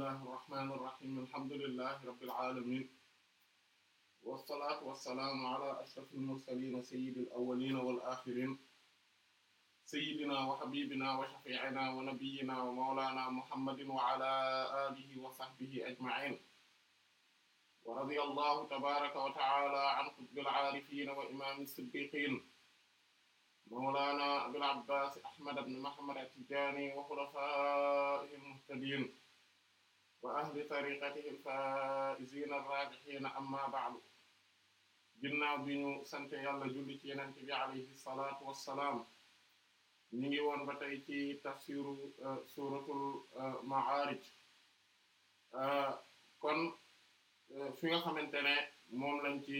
bismillahi irrahmani irrahim alhamdulilahi rabbil alamin wasalaatu wassalaamu ala ashraf almursalina sayidi al awalina wal axirin sayidina wa xabibina wa shafiina wa nabiyina wa mawlana muhammadin wa ala alihi wa sahbihi ajmain wa radiya allahu tabaraka wa taala an xutbil aarifina wa imaami siddiqin mawlana abil abbas ahmad ibn muhammad at-tijani wa xulafaihi al muhtadin wa ahli tariqatihi al-faa'izina ar-raabihiina amma ba'du ginnaaw bi ñu sante yàlla julli ci yenent bi alayhi ngi woon ba tey ci tafsiru euh, suratul euh, euh, kon fi nga xamante ne moom lañ ci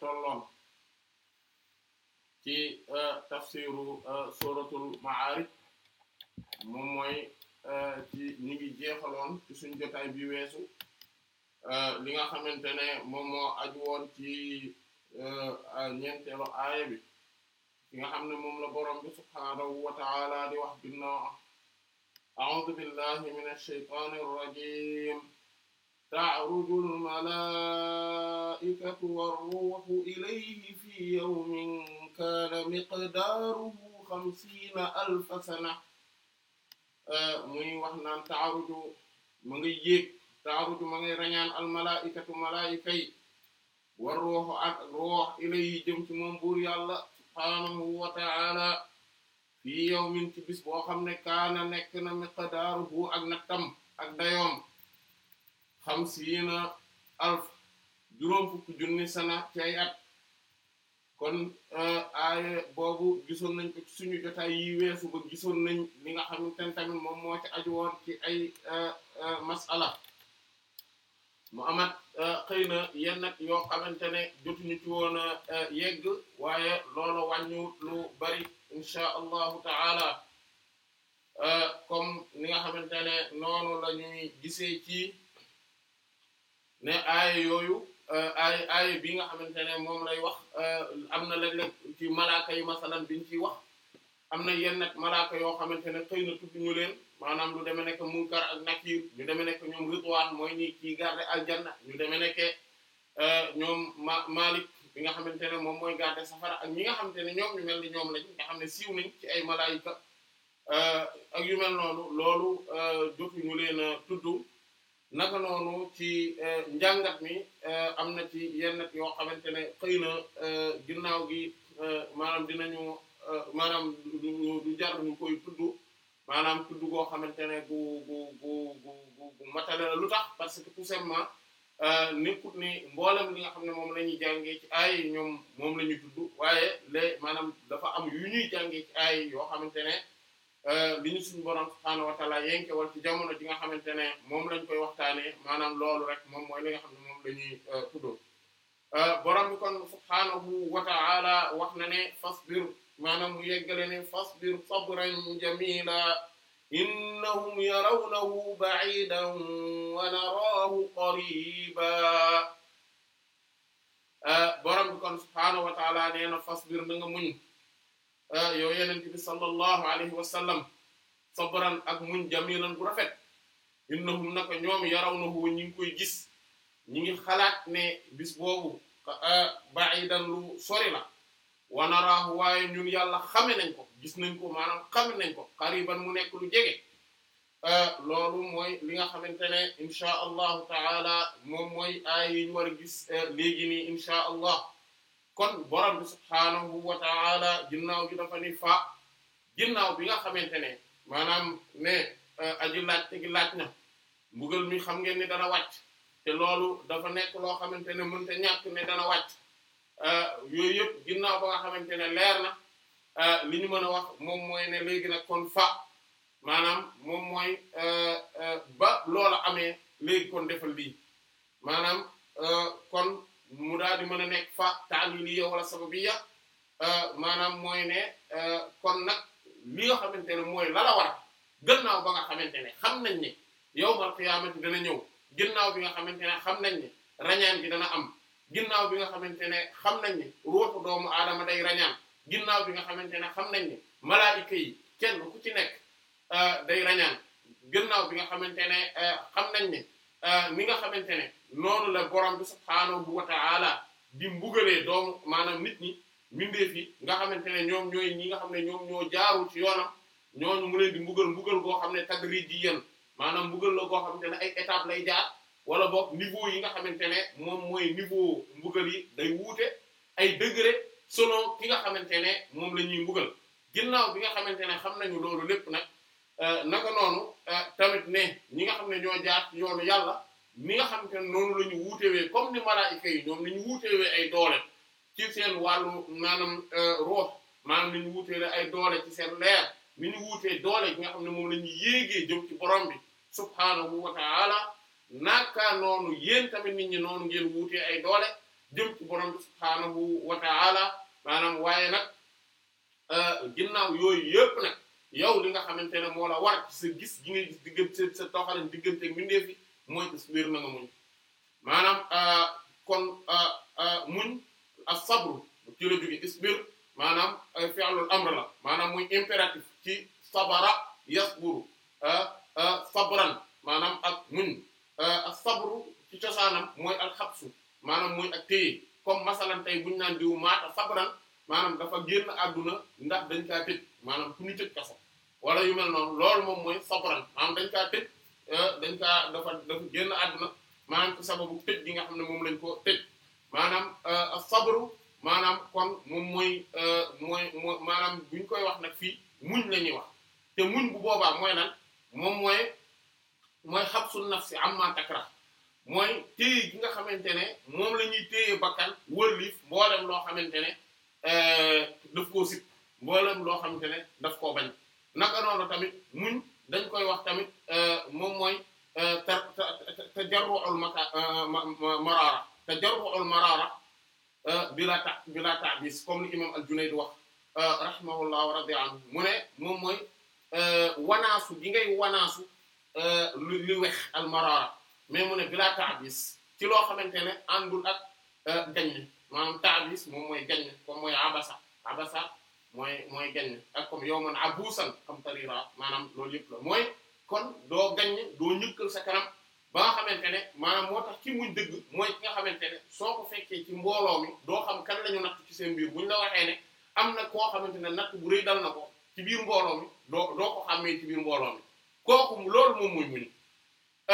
tolloon ci tafsiru suratul moom mooy Euh, ci ñi ngi jeexaloon ci suñ jotaay bi weesu euh, li nga xamante ne moom moo aju woon ci euh, ñeenteelu aaya bi ki nga xam ne moom la borom bi subhaanahu wa ta'ala di wax ginnaaw a'uudu billahi minash shaytaanir rajiim ta'ruju al-malaa'ikatu war-ruuhu ilayhi fi yawmin kaana miqdaaruhu xamsiina alfa sana muy wax naan taaruju ma ngay yéeg taaruju ma ngay rañaan al malaikatu malaika war ruuxu ak ruux ilayhi jëm ci moom buur yàlla subhaanahu wa ta'ala fii yawmin ci bis boo xam ne kaana nekk na miqdaaruhu ak nattam alf juróom fukki junni sana ci kon euh, aaya boobu gisoon nañ suñu jotaay yi weesu ba gisoon nañ li nga xamante ne tamit moom moo ci aju woon ci ay euh, euh, masala mu amat xëy na yenn nag yoo xamante ne jotuñu ci woon yegg waaye loolu wàññu lu bari insha allahu taala comme ni nga xamante ne noonu la ñuy gisee ci ne aaya yooyu Euh, ay ay bi nga xamante ne moom lay wax euh, am na léeg-léeg ci malaaka yi masalan biñ ciy wax am na yenn nag malaaka yoo xamante ne xëy na tudd ñu leen lu deme nekk munkar ak nakiir ñu deme nekk ñoom ridwaan mooy ñi ciy garde aljanna ñu deme nekke euh, ñoom ma malik bi nga xamante ne moom mooy garde safara ak ñi nga xamante ne ñoom ñu mel ni ñoom lañ nga xam ne siiw nañ ci ay malaayika ak yu mel noonu loolu jotu ñu leen a tudd naka noonu ci eh, njàngat mi eh, am na ci yenn yoo xamante ne xëy na eh, ginnaaw gi maanaam dinañu maanaam du jar ñu koy tudd maanaam tudd goo xamante ne gu gu gu gu gu matale la lu tax parce que tout simplement nekkut ni mboolem li nga xam ne moom la ñuy jàngee ci ay ñoom moom la ñuy tudd waaye lée maanaam dafa am yu ñuy jàngee ci ay yoo xamante ne Euh, li ñu suñu borom subhaanahu wa yenke wal ci jamono ji nga xamante ne moom lañ koy waxtaanee maanaam loolu rek moom mooy xam ne moom la ñuy euh, tuddoo euh, borom bi kon subhaanahu wa wax na ne fasbir maanaam mu yeggale ne fasbir sabran jamila innahum yarawnahu ba'idan wa naraahu qariba borom kon subhaanahu wa taala nee na na nga muñ Ah, yow yenente bi sallallahu alayhi wa sallam sabran ak muñ jamilan bu rafet innahum naka ñoom yarawnahu ñi ngi koy gis ñi ngi xalaat ne bis boobu ah, ba'idan lu sori la wa naraahu waaye ñun yàlla xame nañ ko gis nañ ko maanaam xame nañ ko qariban mu nekk lu jege ah, loolu mooy li nga xamante ne inchaa allahu taala moom mooy aay yi ñu war a gis léegi nii inchaa allah kon borom bi subhaanahu wa ta'ala ginnaaw gi dafa ni fa ginnaaw bi nga xamante ne maanaam ne eh, aju laaj te gi laaj na mbugal mi xam ngeen ni dana wàcc te loolu dafa nekk loo xamante ne mënta ñàkk ne dana wàcc eh, yooyu yëpp ginnaaw ba nga xamante ne leer na eh, li ñu mën a wax moom mooy ne léegi nag kon fa maanaam moom mooy ba loola amee léegi kon defal lii maanaam kon mu daal di mën a nekk fa ta'liliya wala sababiyya euh, maanaam mooy ne euh, kon nag li nga xamante ne mooy lala war gannaaw ba nga xamante ne xam nañ ne yawmal qiyaamati dana ñëw ginnaaw bi nga xamante ne xam nañ ne rañaan dana am ginnaaw bi nga xamante ne xam nañ ne ruuxu doomu aadama day rañaan ginnaaw bi nga xamante ne xam nañ ne malaayika yi kenn ku ci nekk euh, day rañaan ginnaaw bi nga xamante ne xam nañ ne mi euh, nga xamante ne noonu la borom bi subhaanahu wa ta'ala di mbugalee doomu maanaam nit ñi mbindeef yi nga xamante ne ñoom ñooy ñi nga xam ne ñoom ñoo jaarul yoonam ñooñu mu leen di mbugal mbugal goo xam ne tadrijiyan maanaam mbugal la goo xamante ne ay état lay jaar wala boog niveau yi nga xamante ne moom mooy niveau mbugal yi day wuute ay degré solo ki nga xamante ne moom la ñuy mbugal ginnaaw bi nga xamante ne xam nañu loolu lépp nag Euh, naka noonu euh, tamit ne ñi nga xam ne ñoo jaar yoonu yàlla ni nga xam te ne noonu la ñu wuutewee comme ni malaayika yi ñoom ni ñu wuutewee ay doole ci seen wàllu maanaam euh, roox maanaam ni ñu ay doole ci seen leer ni ñu wuutee doole gi nga xam ne moom la ñu yéegee jëm ci borom bi subhaanahu wa ta'ala naka noonu yéen tamit nit ñi noonu ngeen wuutee ay doole jëm ci borom bi subhaanahu wa ta'ala maanaam waaye nag ginnaaw yooyu yëpp nag. yow li nga xamante ne moola la war sa gis gi ngay diggante sa toxalin diggante mbindeef yi mooy isbir na nga muñ maanaam euh, kon euh, euh, muñ as sabru ci la jóge isbir maanaam fi'lul amr la maanaam muy impératif ci sabara yasburu sabran maanaam ak muñ as sabru ci cosaanam mooy alxabsu maanaam mooy ak téye comme masalan tey buñu naan diw maata sabran maanaam dafa génn àdduna ndax dañ kaa tëj maanaam ku ñu tëj kaso wala yu mel noonu lool moom mooy sabran maanaam dañ kaa tëj euh, dañ kaa dafa dafa génn àdduna maanaam ci sababu tëj gi nga xam ne moom lañ ko tëj maanaam euh, kon moom mooy euh, mooy mooy maanaam buñ koy wax nag fii muñ la ñuy wax te bu boobaa mooy lan moom mooy mooy xabsul nafsi amma takra mooy téye gi nga xamante ne moom la ñuy téye bakkan wër liif mboolem loo xamante ne Eh, daf koo sib mboolem loo xamante ne daf koo bañ naka noonu tamit muñ dañ koy wax tamit eh, moom mooy eh, te te jarru'ul maraara te jarru'ul maraara bila ta bila ta'bis comme ni imam al wax rahimahullah wa radiya anhu mu ne moom mooy wanaasu gi ngay wanaasu lu li wex al maraara mais mu ne bila ta'bis ci loo xamante ne àndul ak gañ maanaam taabis moom mooy genn comme mooy abasa abasa mooy mooy genn ak comme yow man abuusan xam tarira maanaam loolu yëpp la mooy kon doo gañ gaññ doo ñëkkal sa kanam ba nga xamante ne maanaam moo tax ki muñ dëgg mooy ki nga xamante ne soo ko fekkee ci mbooloo mi doo xam kan la ñu ci seen biir buñ la waxee ne am na koo xamante ne natt bu rëy dal na ko ci biir mbooloo mi doo doo ko xàmmee ci biir mbooloo kooku loolu moom mu muñ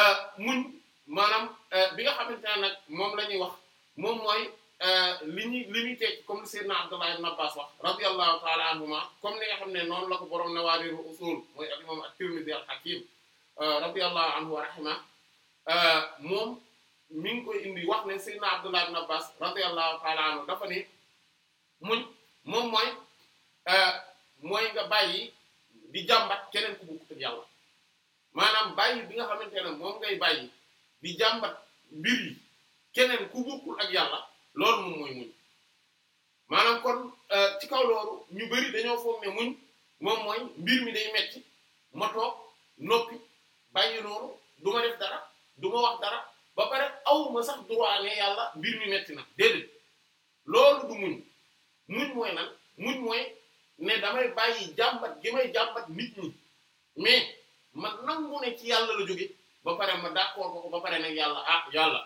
euh, muñ maanaam euh, bi nga xamante moom la ñuy wax moom Euh, li ñuy li ñuy comme li Seydina Abdallah ibn Abbas wax radiyallahu ta'ala anhuma comme ni nga xam ne noonu la ko borom Nawaariru Usul mooy al imam at-Tirmidhi al-Hakim euh, radiyallahu anhu wa rahima euh, moom mi ngi indi wax ne Seydina Abdallah ibn Abbas radiyallahu ta'ala anhu dafa ni muñ moom mooy mooy nga bàyyi di jàmbat keneen ku bokk ak yàlla maanaam bàyyi bi nga xamante ne moom ngay bàyyi di jàmbat mbir yi keneen ku bokkul ak yàlla. loolu moom mooy muñ maanaam kon euh, ci kaw loolu ñu bari dañoo foog ne muñ moom mooy mbir mi day metti ma toog noppi bàyyi dara du wax dara ba pare aw yàlla mbir mi metti na déedéet loolu du muñ muñ mooy nan muñ mooy ne damay bàyyi jàmbat gi may jàmbat nit ñi mais man nangu ne ci yàlla la jóge ba pare ma d'accord ko ba pare nag yàlla ah yàlla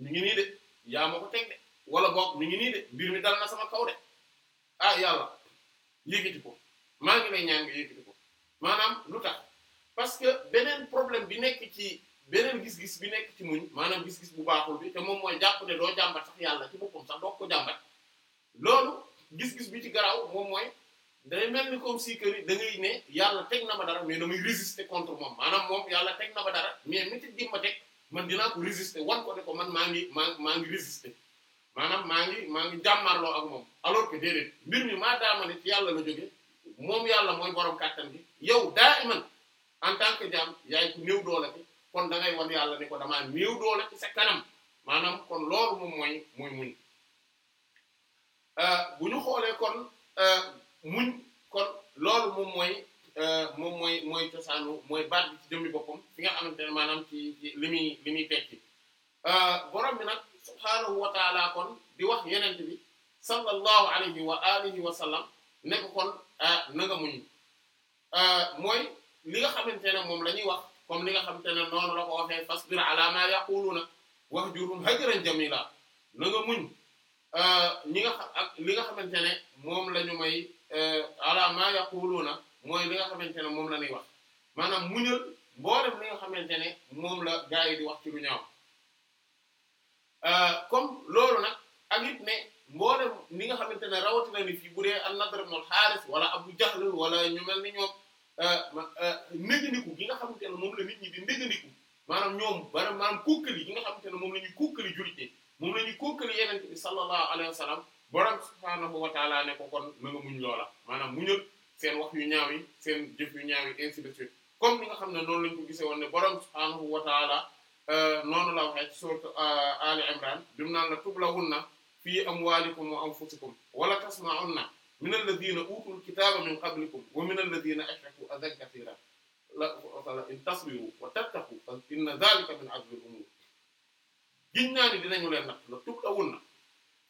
ñu ngi nii de yaa ma ko teg de wala boog mi ngi nii de mbir mi dal na sama kaw de ah yàlla yëkkati ko maa ngi lay ñaan nga ko maanaam lu tax parce que beneen problème bi nekk ci beneen gis-gis bi nekk ci muñ maanaam gis-gis bu baaxul bi te moom mooy jàpp ne doo jàmbat sax yàlla ci boppam sax doo ko jàmbat loolu gis-gis bi ci garaaw moom mooy day mel ni comme si que ni da ngay ne yàlla teg na ma dara mais muy résister contre moom maanaam moom yàlla teg na ma dara mais métti gi ma teg man dinaa ko wan ko ne ko man maa ngi maa ngi résister. maanaam maa ngi maa ngi jàmmarloo ak moom alors que déedéet mbir mi maa daama ne ci yàlla la jóge moom yàlla mooy borom kàttan bi yow daa iman en tant que jaam yaay ku néew doole bi kon da ngay wan yàlla ne ko damaa néew doole ci sa kanam maanaam kon loolu moom mooy mooy muñ euh, bu ñu xoolee kon euh, muñ loolu moom mooy euh, moom mooy mooy cosaanu mooy baat bi ci jëmmi boppam fi nga xamante ne maanaam ci li muy li muy tekki borom bi nag subhaanahu wa taala kon di wax yeneen bi sallallahu alayhi wa alihi wa sallam nekk kon euh, na nga muñ euh, mooy li nga xamante ne moom la ñuy wax comme li nga xamante ne noonu la ko waxee fasbir ala ma yaquluna wahjurhum hajran jamila na nga muñ euh, ñi nga ak li nga xamante ne moom la ñu may ala ma yaquluna mooy li nga xamante ne moom la wax maanaam muñal mboolem li nga xamante ne moom la gaa yi di wax ci lu ñaaw Euh, comme loolu nag ak it ne mboolem ni nga xamante ne rawatina ni fii bu dee an-Nadr ibn al-Harith wala Abu Jahl wala ñu mel ni ñoom négandiku euh, euh, gi nga xamante ne moom la nit ñi di négandiku maanaam ñoom bara maanaam kukkali gi nga xamante ne moom la ñuy kukkali julite moom la ñuy kukkali yenen bi sallallahu alayhi wa sallam borom subhaanahu wa ta'ala ko kon na nga muñ loola maanaam muñal seen wax yu ñaaw yi seen jëf yu ñaaw yi comme ni nga xam ne noonu lañ ko gisee woon ne borom subhaanahu wa Euh, noonu la waxee ci sourate euh, Ali Imran bi mu naan la tublawunna fii amwaalikum wa anfusikum wala tasma'unna min alladhina utul kitaba min qablikum wa min alladhina ashraku adhan kathiran la in tasbiru wa tattaqu fa inna dhalika min azmi al-umur giñ naa ni dinañu leen nag la tublawunna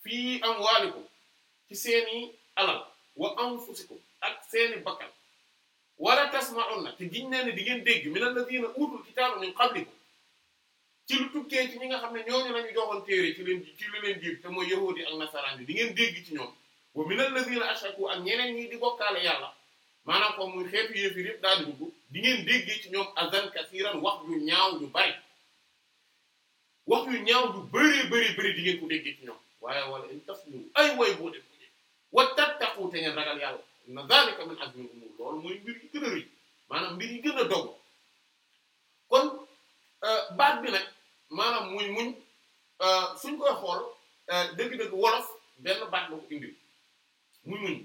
fii amwaalikum ci seeni alal wa anfusikum ak seeni bakkan wala tasma'unna te giñ naa ni di ngeen dégg min alladhina utul kitaba min qablikum ci lu tukkee ci ñi nga xam ne ñoo ñooñu lañu joxoon téere ci leen ci li leen jiir te mooy yahudi ak nasaraan bi di ngeen dégg ci ñoom wa min alladhina ashraku ak ñeneen ñi di bokkaale yàlla maanaam comme muy xeetu yëpp daal di ngeen déggee ci ñoom azan kasiran wax yu ñaaw yu bari wax yu ñaaw yu bëree bëri bëri di ngeen ko déggee ci ñoom waaye wala in tasbiru ay way boo def wa tattaqu te ngeen ragal yàlla na zalika min azmil umur loolu mooy yi gën a rëy maanaam mbir yi a dog kon euh, baat bi nag maanaam muy muñ euh, suñ koy xool dëgg-dëgg euh, wolof benn baat la ko indi muy muñ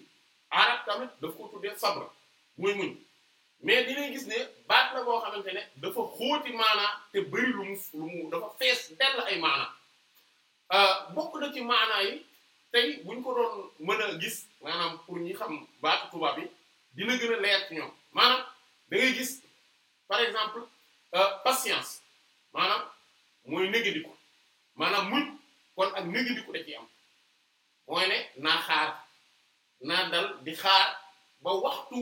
arab tamit daf ko tuddee sabra muñ muñ mais dinañ gis ne baat la boo xamante ne dafa xóoti maanaa te bëri lu mu lu mu dafa fees dell ay maanaa euh, bokk na ci maanaa yi tey buñ ko doon mën a gis maanaam pour ñi xam baatu tubaab yi dina gën a leer ci ñoom maanaam da gis par exemple patience maanaam mooy négandiku maanaam muñ kon ak négandiku da ciy am mooy ne naa xaar naa dal di xaar ba waxtu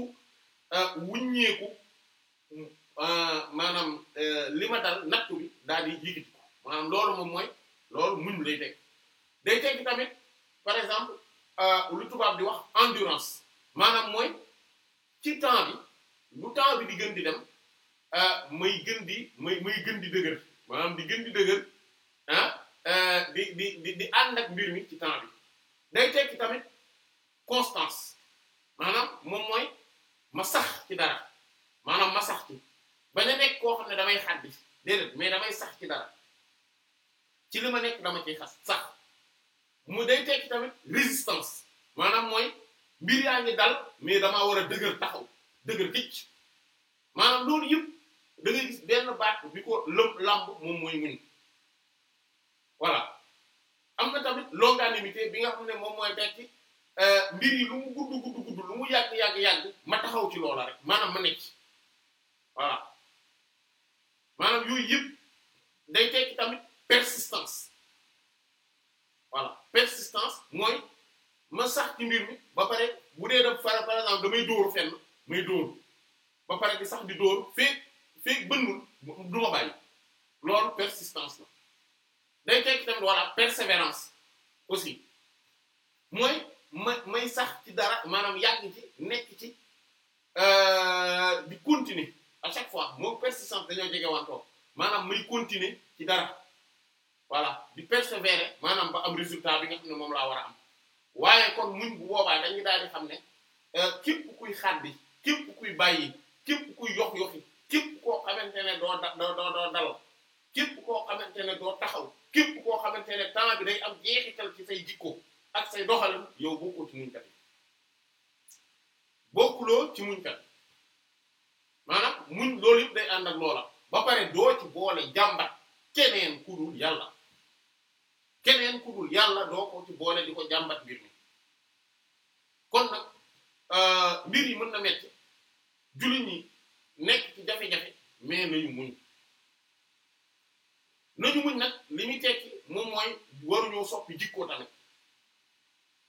euh, wuññeeku euh, maanaam euh, li ma dal nattu bi daal di yëkkati loolu moom mooy loolu muñ lay teg day teg tamit par exemple lu tubaab di wax endurance maanaam mooy ci temps bi lu temps bi di gën di dem may gën di may may gën di dëgër maanaam di gën di dëgër ah euh, di di di ànd ak mbir mi ci temps bi day tekki tamit constance maanaam moom mooy ma sax ci dara maanaam ma sax ci ba a nekk koo xam ne damay xaddi déedéet mais damay sax ci dara ci li ma nekk dama ciy xas sax mu day tekki tamit résistance maanaam mooy mbir yaa ngi dal mais damaa war a dëgër taxaw dëgër kicc maanaam loolu yëpp da ngay gis benn baat bi ko lëm lamb moom mooy muñ voilà am na tamit longanimité bi nga xam ne moom mooy tekki euh, mbir yi lu mu gudd gudd gudd lu mu yàgg yàgg yàgg ma taxaw ci loola rek maanaam ma nekk voilà maanaam yooyu yëpp day tekki tamit persistance voilà persistance mooy ma sax ci mbir mi ba pare bu dee daf par exemple damay dóor fenn may dóor ba pare di sax di dóor fekk fii bënnul du ma bàyyi loolu persistance la day tekki tamit wala persévérance aussi mooy ma may sax ci dara maanaam yàgg ci nekk ci euh, di continuer à chaque fois moo persistance dañoo jege wantoo maanaam may continuer ci dara voilà di persévérer maanaam ba am résultat bi nga xam ne moom laa war a am waaye kon muñ bu boobaa dañuy daal di xam ne euh, képp kuy xàddi képp kuy bàyyi képp kuy yox yoxi képp koo xamante ne doo da doo doo dal xamante ne doo taxaw képp koo xamante ne temps bi day am jeexital ci say jikko ak say doxalin yow bokkoo ci muñkat yi bokkuloo ci muñkat maanaam muñ loolu yëpp day ànd ak loola ba pare doo ci boole jàmbat keneen ku yàlla keneen ku dul yàlla doo ko ci boole di ko jàmbat mbir mi kon nag euh, mbir yi mën na metti jullit ñi nekk ci jafe-jafe mais nañu muñ nañu muñ nag li ñu tekki moom mooy waruñoo soppi jikkoo tamit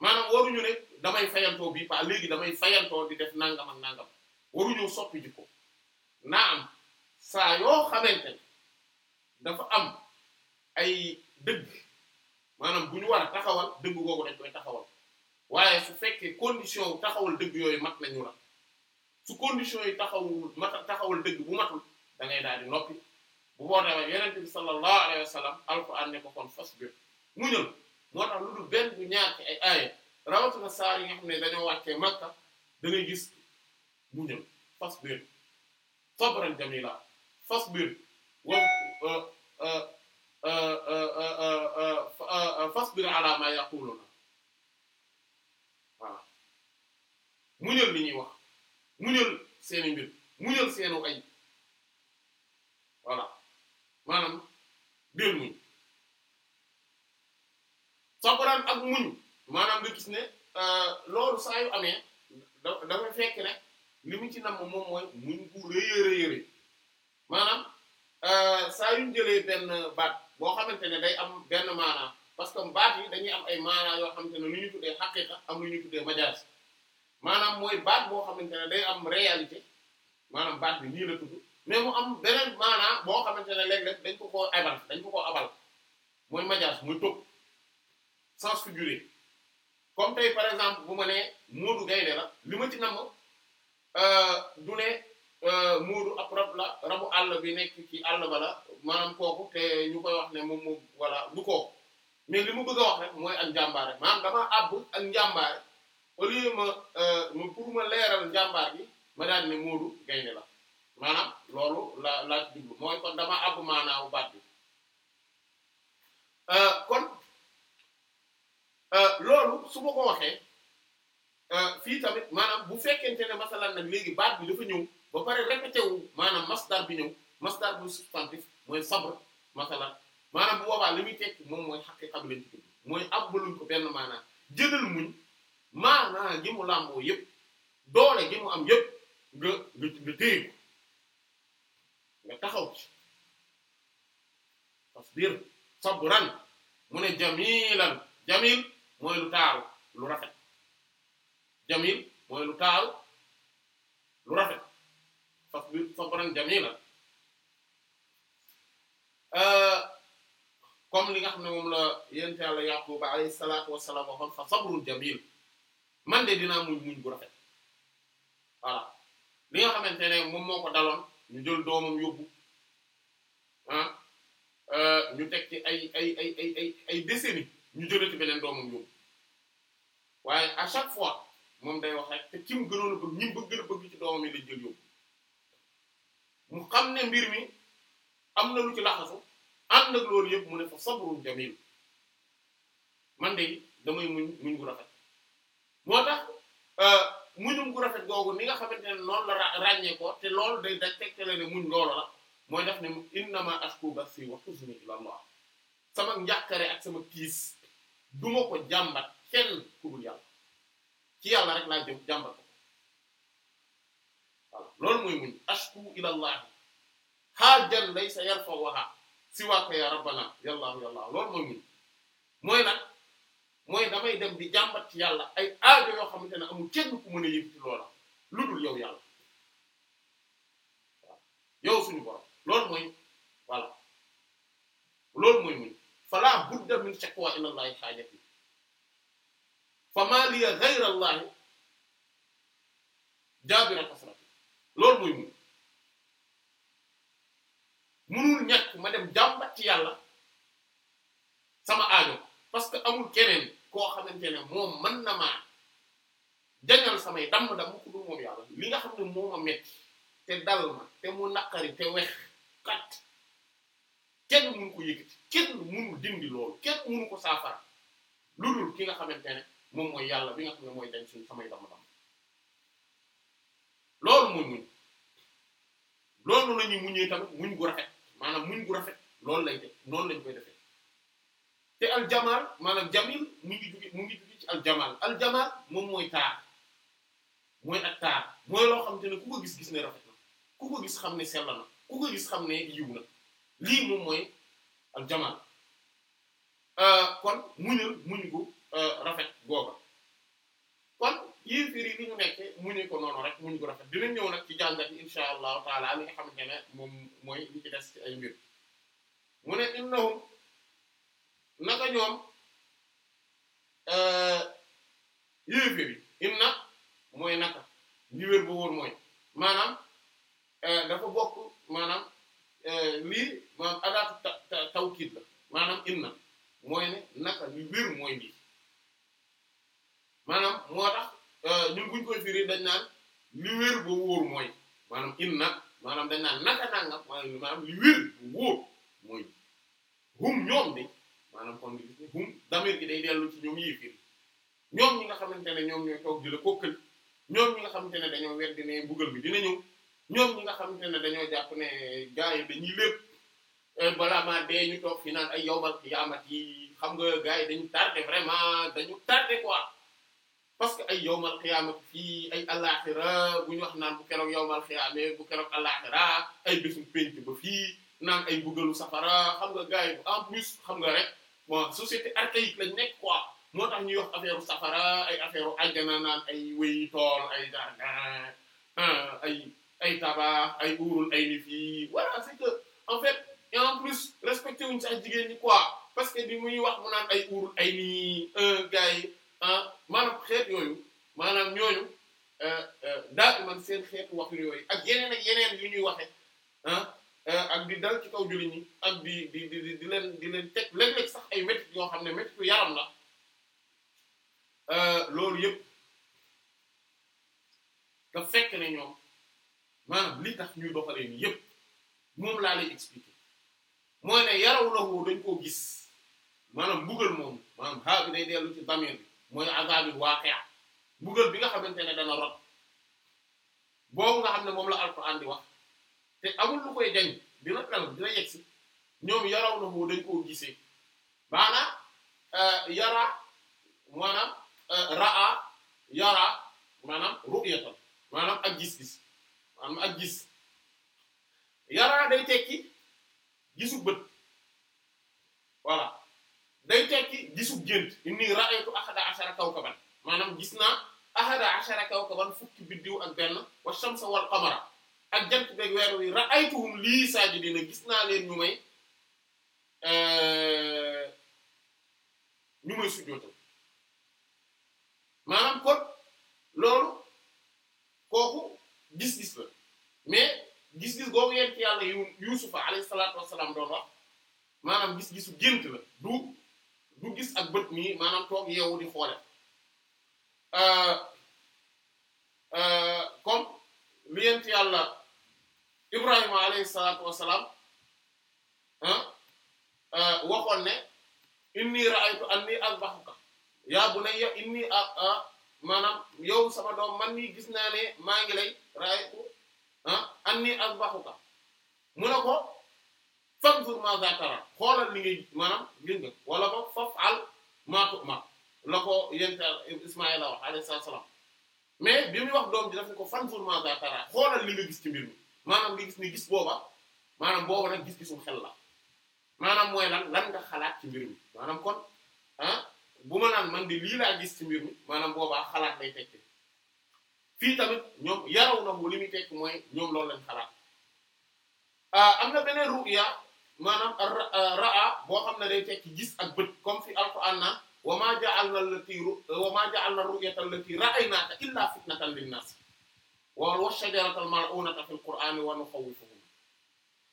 maanaam waruñu ne damay fayantoo bii pa léegi damay fayantoo di def nangam ak nangam waruñoo soppi jikko naa am saa yoo xamante dafa am ay dëgg maanaam bu ñu war a taxawal dëgg googu dañ koy taxawal waaye su fekkee condition taxawal dëgg yooyu mat nañu la su conditions yi taxawul mat taxawul dëgg bu matul da ngay noppi bu boo demee yeneen bi sallallahu alayhi wa sallam ne ko kon fasbir muñal moo tax lu dul benn bu ñaar ay aaya rawatina saar yi xam ne dañoo wàccee makka da ngay gis muñal fasbir sabran jamila fasbir wa fasbir ala ma yaquluna voilà muñal li ñuy wax. muñal seeni mbir muñal seenu ay voilà maanaam del muñ sabraan ak muñ maanaam nga gis ne euh, loolu saa yu amee da fekk ne li mu ci nam moom mooy muñ gu rëyee rëyee maanaam euh, saa yuñ jëlee benn baat boo xamante ne day am benn maanaa parce que baat yi dañuy am ay maanaa yoo xamante ne lu ñu tuddee xaqiqa am lu ñu tuddee majaas maanaam mooy baat boo xamante ne day am réalité maanaam baat bi nii la tudd mais mu am beneen maanaam boo xamante ne léeg-léeg dañ ko koo abal dañ ko koo abal mooy majaas mooy tëb sens figuré comme tey par exemple bu ma nee Moodu gaynde la li ma ci namm euh, du ne euh, Moodu ab rab la rabu àll bi nekk ci àll ba la maanaam kooku te ñu koy wax ne moom moom voilà du ko mais li mu bëgg a wax rek mooy ak njàmbaare maanaam dama àbb ak njàmbaare au lieu euh, ma pour ma leeral njàmbaar gi ma daal ne Moodu gaynde la maanaam loolu la laa jublu mooy kon dama àbb maanaawu baat bi euh, kon euh, loolu su ma ko waxee fii tamit maanaam bu fekkente ne masalan nag léegi baat bi dafa ñëw ba pare répété wu maanaam masdar bi ñëw masdar bu substantif mooy sabr masalan maanaam bu boobaa li muy tekki moom mooy xaqiqa bi lañ ci mooy àbbaluñ ko benn maanaam jëlal muñ maanaa ji mu làmboo yëpp doole ji am yëpp nga nga nga nga taxaw ci tasbir sabran mu ne jamilan jamil mooy lu taaru lu rafet jamil mooy lu taaru lu rafet tasbir sabran jamilan euh, comme li nga xam ne moom la yent yàlla yaqub alayhi salaatu wassalaam waxoon fa sabrun jamil man de dinaa muñ muñ bu rafet voilà li nga xamante ne moom moo ko daloon ñu jël doomam yóbbu ah euh, ñu teg ci ay ay ay ay ay ay décennies ñu jëlati beneen doomam yóbbu waaye à chaque fois moom day wax rek te ci mu gënoon a bëgg ñi mu bëgg ci doomam yi lañ jël yóbbu mu xam ne mbir mi am na lu ci laxasu ànd ak loolu yëpp mu ne fa sabrun jamil man de damay muñ muñ bu rafet. moo tax euh, muñum gu rafet googu ni nga xamante ne noonu la ko te loolu day daj tegtale ne muñ loolu la mooy def ne innama ashku bathi wa huzni ila sama njàkkare ak sama tiis duma ko jàmbat kenn ku dul yàlla ci yàlla rek laa jëm jàmbat ko voilà loolu mooy muñ ashku ila Allah haajan laysa yarfa'uha siwaaka ya rabbana yàllaahu yàllaahu loolu mooy mooy nag mooy damay dem bi jàmbat ci yàlla ay aajo yoo xamante ne amul kenn ku mën a yëg ci loola lu dul yow yàlla waaw yow suñu borom loolu mooy voilà loolu mooy muñ fala budda min shakwa ila allahi xaajati fama liya ghayra allahi jaabira kasrati loolu mooy muñ munul ñàkk ma dem jàmbat ci yàlla sama aajo parce que amul keneen koo xamante ne moom mën na maa jañal samay damm-damm ku dul moom yàlla li nga xam ne moo ma metti te dal ma te mu naqari te wex kat kenn mënu ko yëkkati kenn mënu dindi loolu kenn mënu ko saafara lu dul ki nga xamante ne moom mooy yàlla bi nga xam ne mooy dañ suñ samay damm-damm loolu mooy muñ loolu la ñuy muñee tamit muñ gu rafet maanaam muñ gu rafet loolu lay def noonu lañ koy defee te aljamal maanaam jamil mu ngi juge mu ngi juge ci moom mooy taar mooy ak taar mooy loo xam te ku gis gis ne rafet na ku ko gis xam ne sell ku ko gis xam ne yiw na lii moom mooy aljamal euh, kon mu ñu gu euh, rafet googa kon yii firi li ñu nekke muñu ko noonu rek muñu gu rafet dinañ ñëw nag ci jàngat yi insha allahu taala li nga xamante ne moom mooy li ci des ay mbir mu ne innahum naka ñoom yéefér euh, yi im na mooy naka li wér bu wóor mooy maanaam euh, dafa bokk maanaam euh, lii maanaam adaatu tawkiid la maanaam im na mooy ne naka li wér mooy lii maanaam moo tax ñun buñ koy firi dañ naan li wér bu wóor mooy maanaam im na maanaam dañ naan naka nangam maanaam li wér bu wóor mooy hum ñoom ni maana kon damir gi day dellu ci ñoom yéefir ñoom ñi nga xamante ne ñoom ñooy toog di la kokkal ñoom ñi nga xamante ne dañoo weddi ne mbugal bi dina ñëw ñoom ñi nga xamante ne dañoo jàpp ne gars yi dañuy lépp euh, balaa maa dee ñu toog fi naan ay yowmal xiyaamat yi xam nga gars yi dañu tardé vraiment dañu tardé quoi parce que ay yowmal xiyaamat fii ay alaxira bu ñu wax naan bu keroog yowmal xiyaame bu keroog alaxira ay bésum pénc ba fii naan ay mbugalu safara xam nga gars xam nga rek bon société archaïque lañ nekk quoi moo tax ñuy wax affaire safara ay affaire aljana naan ay wéyi tool ay jardin ay ay tabax ay uurul ay ni fii voilà c'est que en fait en plus respecté wuñ sax jigéen ñi quoi parce que bi muy wax mu naan ay uurul ay nii gars yi ah maanaam xeet yooyu maanaam ñooñu euh, euh, daal man seen xeetu wax yooyu ak yeneen ak yeneen yu ñuy waxe Euh, ak di dal ci kaw jullit ñi ak di di di leen di leen teg léeg-léeg sax ay métit yoo xam ne métitu yaram la euh, loolu yépp da fekk ne ñoom maanaam li tax ñuy doxalee nii yëpp moom laa lay expliquer mooy ne yaraw la woo dañ koo gis maanaam mbugal moom maanaam xaa bi day dellu ci damir bi mooy azabul waaqi' mbugal bi nga xamante ne dana rot boobu nga xam ne moom la alquran di wax te amul lu koy jañ dina dal dina yegsi ñoom yaraw na boo dañ koo gisee maanaam euh, yara maanaam euh, raa yara maanaam ru'yatan maanaam ak gis-gis maanaam ak gis yara day tekki gisu bët voilà day tekki gisu gént inni ra'aytu ahada ashara kawkaban maanaam gis naa ahada ashara kawkaban fukki biddiw ak benn wa shamsa wal qamara ak jant beeg weer wi ra'aytuhum lii saajidiina gis naa leen ñu may euh, ñu may sujjootal maanaam kon loolu kooku gis-gis la mais gis-gis googu yent yàlla yu Yuusufa alayhi salaatu wassalaam doon wax maanaam gis-gisu gént la du du gis ak bët nii maanaam toog yeewu di xoole euh, euh, comme li yent yàlla Ibrahima alayhi salaatu salaam ah, ah, waxoon ne inni ra'aytu anni azbahuka yaa bunayya inni ah, ah maanaam yow sama doom man nii gis naa ne maa ngi lay ra'aytu anni azbahuka mu ne ko fanzur maa tara xoolal li ngay maanaam gis nga wala ba faf'al maa tu'mar la ko yente Ismaïla wax alayhi salaam mais bi muy wax doom ji dafa ko fanzur maa tara xoolal li nga gis ci mbir mi maanaam li gis ni gis booba maanaam booba nag gis-gisum xel la maanaam mooy lan lan nga xalaat ci mbir mi maanaam kon ah, bu ma naan man di lii laa gis ci mbir mi maanaam boobaa xalaat lay tekki fii tamit ñoom yaraw na mu li muy tekki mooy ñoom loolu lañ xalaat ah, am na beneen ru'ya maanaam ah, ra'a boo xam ne day tekki gis ak bët comme fi alquran na wa ma ja'alna wa wa shajaratal mal'unata fil qur'ani wa nukhawwifuhum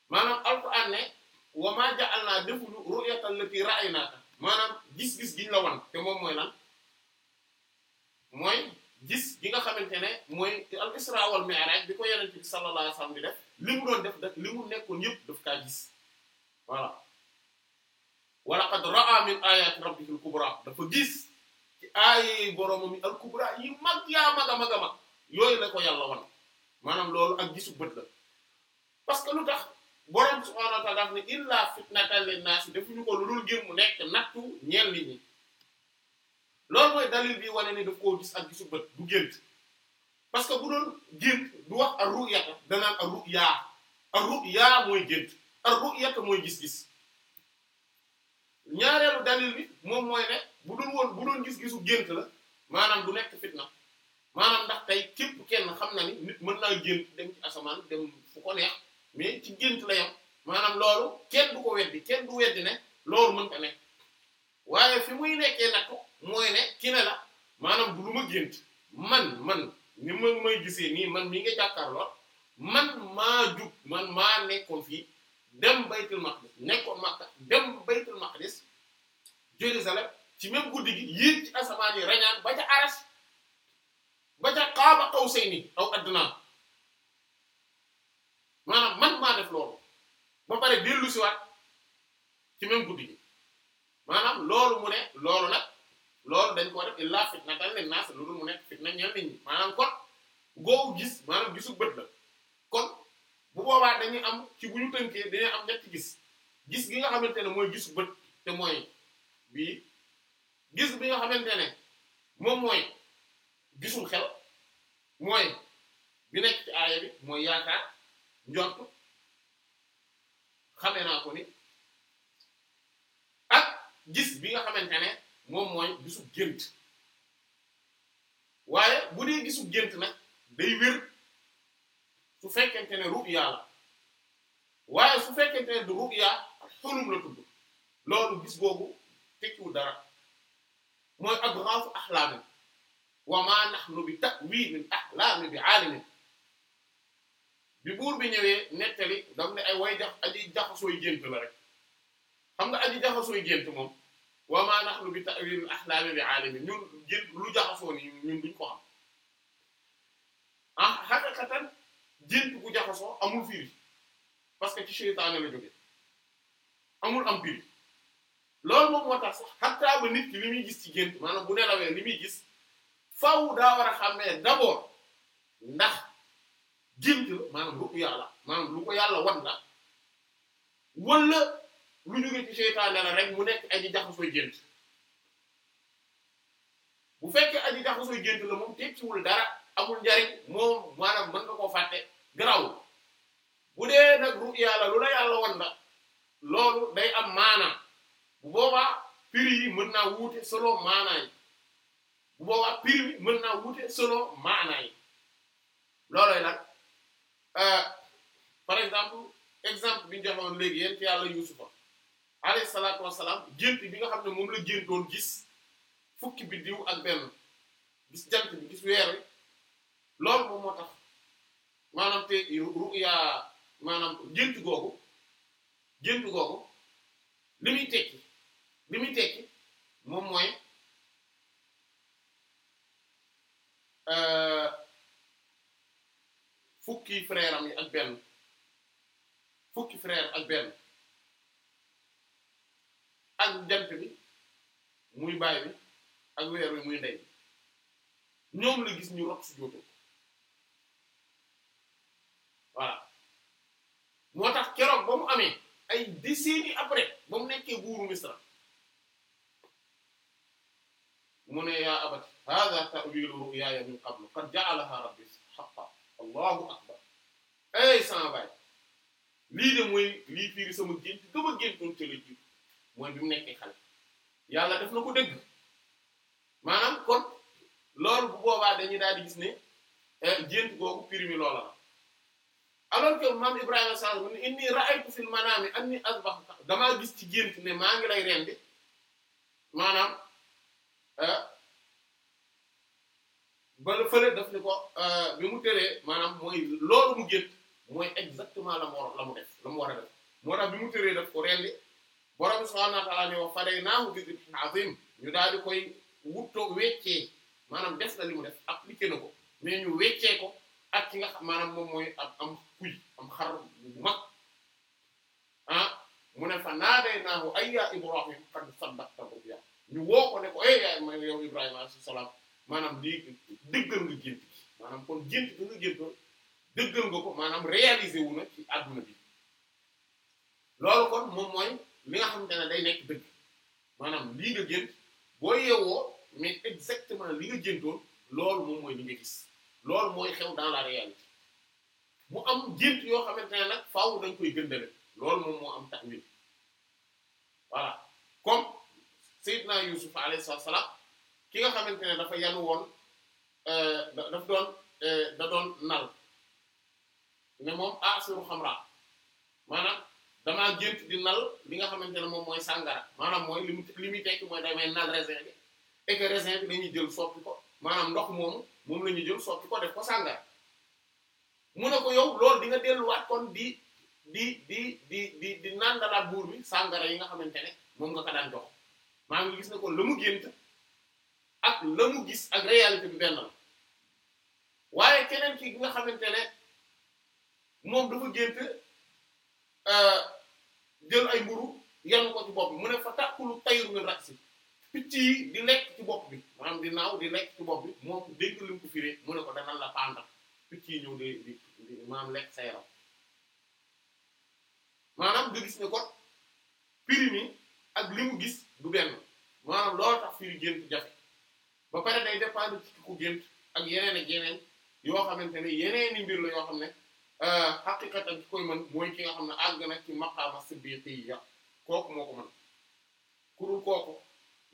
maanaam alquran ne wa ma ja'alna defuñu ru'yatal lati ra'aynaka maanaam gis-gis giñ te moom mooy lan mooy gis gi nga xamante ne mooy al isra wal mi'raj bi ko yonent bi sallallahu alayhi wasallam bi def li doon def def li nekkoon yëpp daf kaa gis voilà wa ra'a min ayati rabbihil kubra dafa gis ci ay boromam yi al kubra yi mag yaa mag a mag a mag yooyu la ko yàlla wan maanaam loolu ak gisu bët la parce que lu tax borom subhaanahu wa daf ne illaa fitnatan linnaas defuñu ko lu dul ngir mu nekk nattu ñeel nit ñi loolu mooy dalil bi wane ni daf koo gis ak gisu bët du gént parce que bu doon gént du wax ar-ru'yata danaan ar-ru'ya ar-ru'ya mooy gént ar-ru'yata mooy gis-gis ñaareelu dalil bi moom mooy ne bu doon woon bu doon gis-gisu gént la maanaam du nekk fitna. maanaam ndax tey képp kenn xam na ni nit mën naa gént dem ci asamaan dem fu ko neex mais ci gént la yam maanaam loolu kenn du ko weddi kenn du weddi ne loolu mën ko nekk waaye fi muy nekkee nag nattu mooy ne ki ne la maanaam du lu ma gént man man ni ma may gisee nii man mi nga jàkkaarloo man maa jug man maa nekkoon fii dem baytul maqdis nekkoon Makka dem baytul maqdis Jérusalem ci même guddi gi yéeg ci asamaan yi rañaan ba ca aras ba ca xaaba xaw say ni aw addunaa maanaam man maa def loolu ba pare dellu si waat ci même guddi maanaam loolu mu ne loolu nag loolu dañ koo def illaa fitnatan naa naas lu dul mu nekk fitna ñeel nit ñi maanaam kon googu gis maanaam gisu bët la kon bu boobaa dañuy am ci bu ñu tënkee dañuy am ñetti gis gis gi nga xamante ne mooy gisu bët mooy bii gis bi nga xamante ne moom mooy gisul xel mooy bi nekk ci aaya bi mooy yaakaar njort xamee naa ko ni ak gis bi nga xamante ne moom mooy gisu gént waaye bu dee gisu gént nag day wér su fekkente ne ru'ya la waaye su fekkente ne du ru'ya xulum la tudd loolu gis boobu tekkiwul dara mooy adrafu axlaam wa ma nahnu bi takwinil ahlaami bi aalimin bi buur bi ñëwee nettali daf ne ay way jax aji jaxasooy gént la rek xam nga aji jaxasooy gént moom wa ma nahnu bi takwinil ahlaami bi aalimin ñun lu jaxasoo ni ñun duñ ko xam ah xaqiqatan gént gu jaxasoo amul firi parce que ci seytaane la jóge amul am firi loolu moom moo tax sax xattaa ba nit li muy gis ci gént maanaam bu nelawee li muy gis faaw daa war a xàmmee d'abord ndax gént la maanaam lu ko yàlla maanaam lu ko yàlla wan la wala lu jóge ci seytaane rek mu nekk aji jaxasoo gént bu fekkee aji jaxasoo gént la moom tekkiwul dara amul njariñ moom maanaam mën nga koo fàtte garaawul bu dee nag ru yàlla lu la yàlla wan la loolu day am maanaa bu boobaa prix yi mën naa wuute solo maanaa yi bu boobaa prix mën naa wute solo maana yi loolooy nag euh, par exemple exemple bi ñu joxoon léegi yéen ci yàlla Yuusufa alayhi salaatu wassalaam gént bi nga xam ne moom la géntoon gis fukki bi biddiw ak benn gis jant bi gis weer wi loolu moom moo tax maanaam te ruya maanaam gént googu gént googu li muy tekki li muy tekki moom mooy Euh, fukki frère am yi ak benn fukki frère ak benn ak jant bi muy baay bi ak weer bi muy ndey ñoom la gis ñu rot sujjóotu voilà moo tax keroog ba mu amee ay décennies après ba mu nekkee buur Misra mu ne yaa abati hada ta'wilu ru'yaya min qablu qad ja'alaha rabbi haqqan allahu akbar ay sama baay lii de mooy lii fiiri sama gént gëm a géntoon te la jiw mooy bi mu nekkee xale yàlla def na ko dëgg maanaam kon loolu bu boobaa dañuy daal di gis ne gént googu mi loola la alors que maam Ibrahima Sall mu ne inni ra'aytu fil manami anni azbahuka damaa gis ci gént ne maa ngi lay rendi maanaam euh, ba bala fële daf ni ko euh, bi mu teree maanaam mooy loolu mu gént mooy exactement la mu war la mu def la mu war a def moo mu teree daf ko rendi borom subhaanahu wa ta'aala ñu wax fadaynaahu bi daal di koy wuttoo weccee maanaam def na mu def appliqué na ko mais ñu weccee ko ak ki nga xam moom mooy am am kuy am xar bu mag ah mu ne fa naadaynaahu ay yaa Ibrahim qad saddaqta a ñu woo ko ne ko eh yaa yow Ibrahima alayhi salaam. maanaam lii dëggal nga gént gi maanaam kon gént bi nga géntoon dëggal nga ko maanaam réalisé wu na ci àdduna bi loolu kon moom mooy li nga xamante ne day nekk dëgg maanaam lii nga gént boo yeewoo mais exactement li nga géntoon loolu moom mooy li nga gis loolu mooy xew dans la réalité mu am gént yoo xamante ne nag faaw dañ koy gëndale loolu moom moo am tax mbir voilà comme naa Yusuf alayhi salaam ki nga xamante ne dafa yanu woon euh, daf doon euh, da doon nal ne moom asiru ah, xamra maanaam damaa gént di nal li nga xamante ne moom mooy sàngara maanaam mooy li mu li muy tekki mooy damay nal raisin bi et jël soppi maanaam ndox moomu moom la ñuy jël soppi ko def mu ne ko yow loolu di nga delluwaat kon di di di di di di buur bi sàngara yi nga xamante ne moom nga ko daan gis ne kon la mu gént ak la mu gis ak réalité bi benn la waaye keneen ki nga xamante ne moom dafa gént euh, jël ay mburu yanu ko ci bopp bi mu ne fa tàkkulu tayru min ra'si picc yi di lekk ci bopp bi maanaam di naaw di lekk ci bopp bi moom dégg li mu ko firee mu ne ko danal la pàndal picc yi ñëw di di maanaam lekk sa yaram maanaam nga gis ne kon firi mi ak li mu gis du benn maanaam loolu tax firi gént jafe ba pare day dépendre ci ku gént ak yeneen ak yeneen yoo xamante ne yeneen i mbir la yoo xam ne euh, xaqiqatan ki koy mën mooy ki nga xam ne àgg na ci maqaama siddiqiyya kooku moo ko mën kurul kooku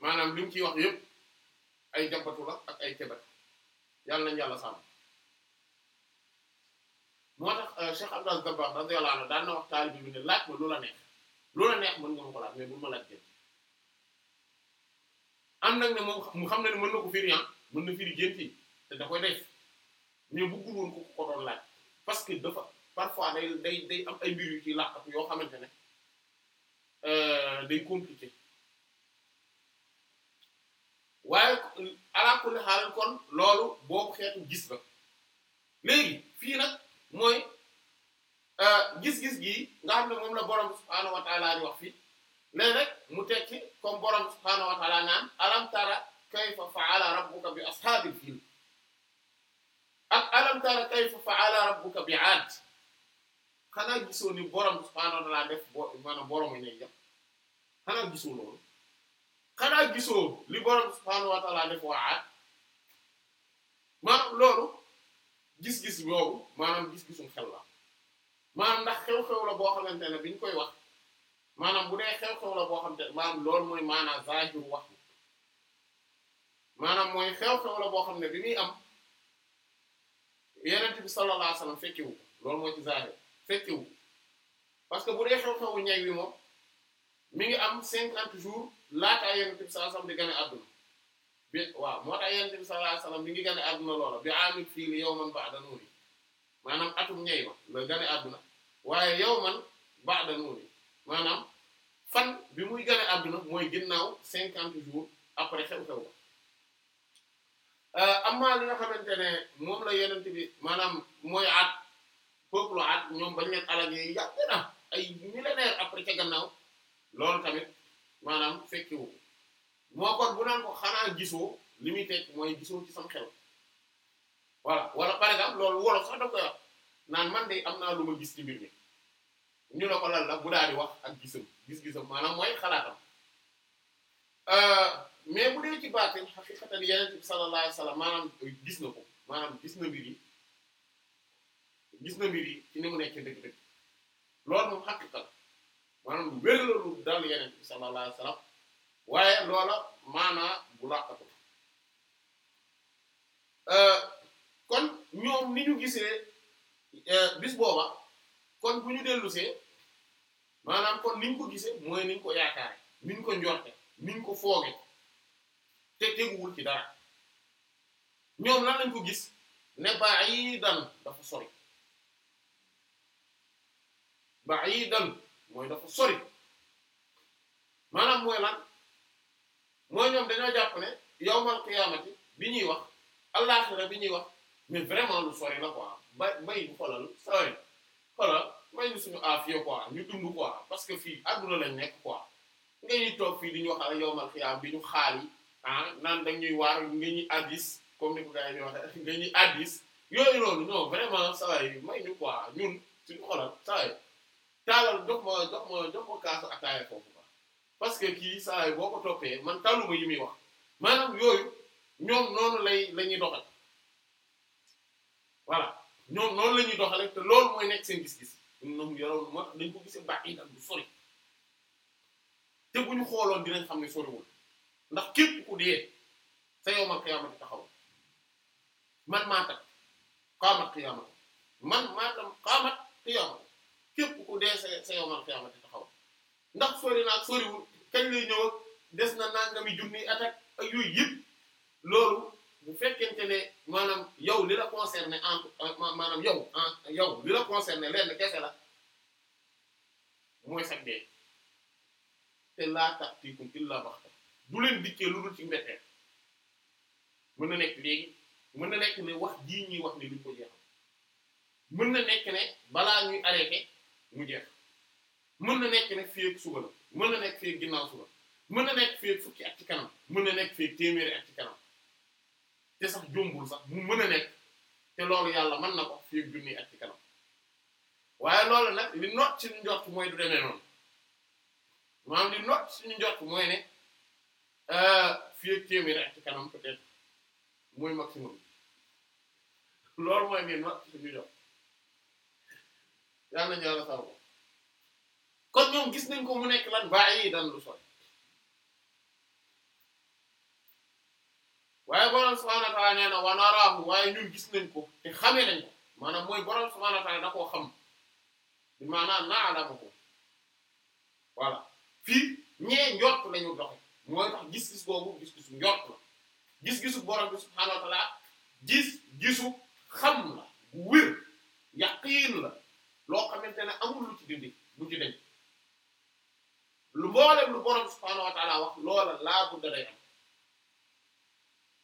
maanaam li mu wax yëpp ay jabatu yàlla nañu yàlla sàmm moo tax euh, Cheikh Abdel Dabakh radiyallahu anhu daan na wax taalibe bi ne laaj ma lu la neex lu la neex mën nga ma ko laaj bu ma laaj jël am ak ne moom mu xam ne ne mën na ko firi ah, mën na firi gént yi te da koy def mais bëggul ko ko doon laaj parce que dafa parfois day day am ay mbir yu ci làqat yoo xamante ne euh, day compliqué waaye alaa kulli xaal kon loolu boobu xeetu gis la léegi fii nag mooy euh, gis-gis gii nga am ne moom la borom subhaanahu wa ta'aala wax fii mais nag mu tekki comme borom subhaanahu wa naan alam tara kayfa fa'ala rabbuka bi ashaabil fiil alam tara kayfa fa'ala rabbuka bi 'aad xanaa gisoo ni borom subhaanahu wa def bo maanaam boromu ñay yëpp xanaa gisoo loolu xanaa gisoo li borom subhaanahu wa def waa 'aad maanaam loolu gis-gis boobu maanaam gis-gisum xel la maanaam ndax xew-xew la boo xamante ne biñ koy wax. maanaam bu dee xew-xew la boo xam te maanaam loolu mooy maanaam zaahiru wax bi maanaam mooy xew boo xam ne bi am yenent bi sallallahu alayhi wasallam fekkiwu loolu que bu dee xew-xewu ngi am cinquante jours laataa yenent bi sallallahu alayhi wasallam di àdduna bi waaw moo tax yenent bi sallallahu fii li yawman maanaam atum ñay ma la maanaam fan bi muy gane àdduna mooy ginnaaw cinquante jours après xew-xew ba euh, am na li nga xamante ne moom la yenent bi maanaam mooy at peuple at ñoom bañ nekk alal yooyu yàgg na ay millénaire après ca gannaaw loolu tamit maanaam fekkiwu moo kon bu naan ko xanaa gisoo li muy mooy gisoo ci sam xel voilà wala par exemple loolu wolof sax da koy naan man de am naa lu ma gis ci mbir ñu ne ko lan la bu daal di wax ak gisam gis-gisam maanaam mooy xalaatam euh, mais bu dee ci baatin xaqiqatan yeneen bi sallallahu alayhi wasallam maanaam gis na ko maanaam gis na mbir yi gis na mbir yi ci ni mu nekkee dëgg-dëgg loolu moom xaqiqa maanaam lu wér dal yeneen bi sallallahu alayhi wasallam waaye loola maanaa bu làqatu euh, kon ñoom ni ñu gisee euh, bis booba kon bu ñu dellusee maanaam kon niñ ko gisee mooy niñ ko yaakaare niñ ko njorte niñ ko fooge te teguwul ci dara ñoom lan lañ ko gis ne ba'idan dafa sori ba'idan mooy dafa sori maanaam mooy lan mooy ñoom dañoo jàpp ne yawmal qiyaamati bi ñuy wax allaaxira bi ñuy wax mais vraiment lu sori la quoi bay bay bu xolal sori voilà may ñu suñu aafiya quoi ñu dund quoi parce que fii adduna lañ nekk ko nga ñuy toog fii di ñu wax ak yowmal xiyaam bi ñu xaar yi ah, naan da ñuy waar nga ñuy addis comme ni ko gars yi di waxee nga ñuy addis yooyu loolu non vraiment saa yi may ñu quoi ñun suñu xolal saa taalal jox ma jox ma jox ma kaasu ataaya foofu quoi parce que kii saa boo ko toppee man tàlluma yi muy wax maanaam yooyu ñoom noonu lay la doxal voilà. ñoom noonu la ñuy doxale te loolu mooy nekk seen gis-gis ñoom yoroon moo tax dañ ko gisee baax yi daal du sori te bu ñu xooloon dinañ xam ne soriwul ndax képp ku dee sa yowmal qiyaamati taxaw man maatam qaamat qiyaamati man maatam qaamat qiyaamati képp ku taxaw ndax sori naa soriwul kañ lay ñëw des na nangami junni at ak yooyu yëpp loolu. bu fekkente ne maanaam yow li la concerné en maanaam yow en yow li la concerné lenn kese la mooy sax dee te laa ta'tiikum illaa baxta du leen dikkee lu dul ci mbetteel mën na nekk léegi mën na nekk ne wax jii ñuy wax ne duñ ko jeexal mën na nekk ne balaa ñuy arrêté mu jeex mën na nekk ne fii ak suba la mën na nekk fii ak ginnaaw suba mën na nekk fii ak fukki at ci kanam mën na nekk fii ak téeméeri at ci kanam. te sax jombul sax mu mën a nekk te loolu yàlla mën na ko fii junni ak ci kanam waaye loolu nag li not ci njort mooy du demee noonu maanaam li not ne euh, ak ci kanam peut-être mooy maximum loolu mooy li not ci njort yàlla nañu sax ko kon ñoom gis nañ ko mu nekk lan bàyyi daan lu sori. waaye borom subhaanahu wa ta'aala nee na waaye ñun gis nañ ko te xamee nañ ko maanaam mooy borom subhaanahu wa ta'aala da koo xam bi ko na'lamuhu fii ñee njort lañu doxe mooy tax gis-gis boobu gis-gisu njort la gis-gisu borom bi subhaanahu wa gis-gisu xam la bu wér yaqiin la loo xamante ne amul lu ci dindi lu ci deñ lu mboolem lu borom subhaanahu wa wax loola laa budda day am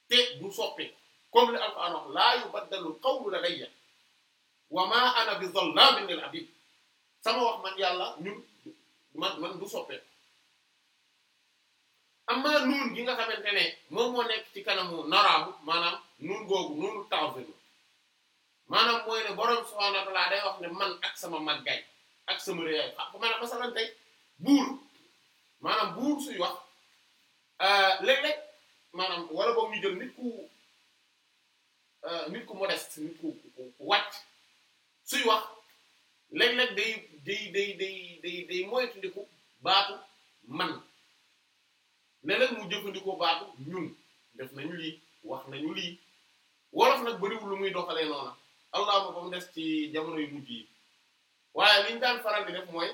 te du soppi comme li alquran wax laa yubaddalu qawlu ladayya wa ma ana bi zallamin lil abid sama wax man yàlla ñun man man du soppee amma nuun gi nga xamante ne moom moo nekk ci kanamu naraabu maanaam nuun googu nuunu ta'zim maanaam mooy ne borom subhaanahu wa ta'aala day wax ne man ak sama màggaay ak sama réyaay ah maanaam masalan tey maanaam buur suy wax euh, léeg-léeg maanaam wala boog ñu jël nit ku euh, nit ku modeste nit ku wàcc suy wax léeg-léeg day day day day day day moytandiku baatu man léeg-léeg mu jëfandikoo baatu ñun def nañu lii wax nañu lii wolof nag bariwul lu muy doxalee noona allahuma ba mu des ci jamono yu mujj yi waaye liñ daan faral bi def mooy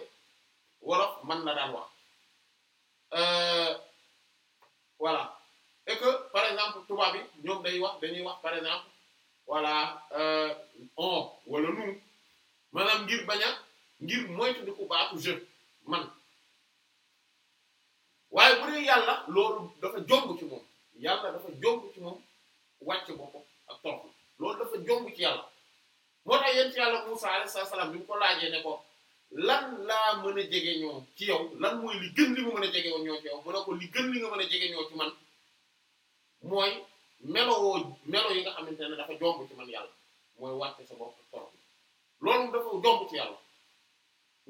wolof man na daan wax euh, voilà et par exemple tubaab yi ñoom day wax dañuy wax par exemple voilà euh, on wala nous maanaam ngir bañ a ngir moytu di ko baatu je man waaye bu dee yàlla loolu dafa jomb ci moom yàlla dafa jomb ci moom wàcc boppam ak torop loolu dafa jomb ci yàlla moo tax yéen ci yàlla Musa alayhi salaam bi mu ko laajee ne ko lan laa mën a jege ñoo ci yow lan mooy li gën li mu mën a jege ñoo ci yow mu ne ko li gën li nga mën a jege ñoo ci man mooy melowoo melo yi nga xamante ne dafa jomb ci man yàlla mooy wàcce sa bopp torop loolu dafa jomb ci yàlla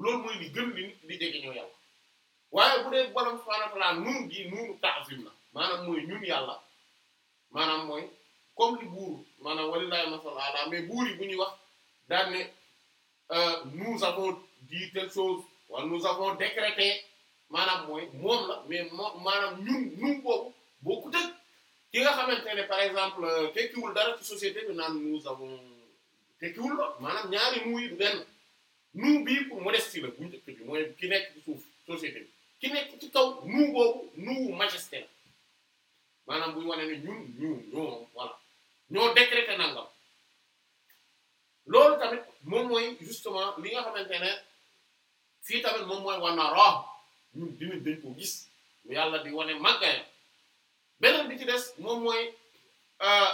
loolu mooy li gën li nit di jege ñoo yàlla waaye bu dee borom subhanahu wa nun gi nunu ta'zim la maanaam mooy ñun yàlla maanaam mooy comme li buur maanaam walillahi masal ala mais buur yi bu ñuy wax daan ne euh, nous avons dit telle chose wala nous avons décrété maanaam mooy moom la mais moo maanaam ñun ñun boobu bokkut ak ki nga xamante ne par exemple euh, tekkiwul dara ci société bi naan nous avons tekkiwul la maanaam ñaari nuuy du benn nuu bii pour la bu njëkk bi mooy ki nekk ci suuf société ki nekk ci kaw nuu boobu nuu majesté la maanaam buy wane ne ñun ñun ñoo voilà ñoo décrété nangam loolu tamit moom mooy justement li nga xamante ne fii tamit moom mooy wanna rox ñun dinañ dañ ko gis yàlla di wane màggayam beneen bi ci des moom mooy euh,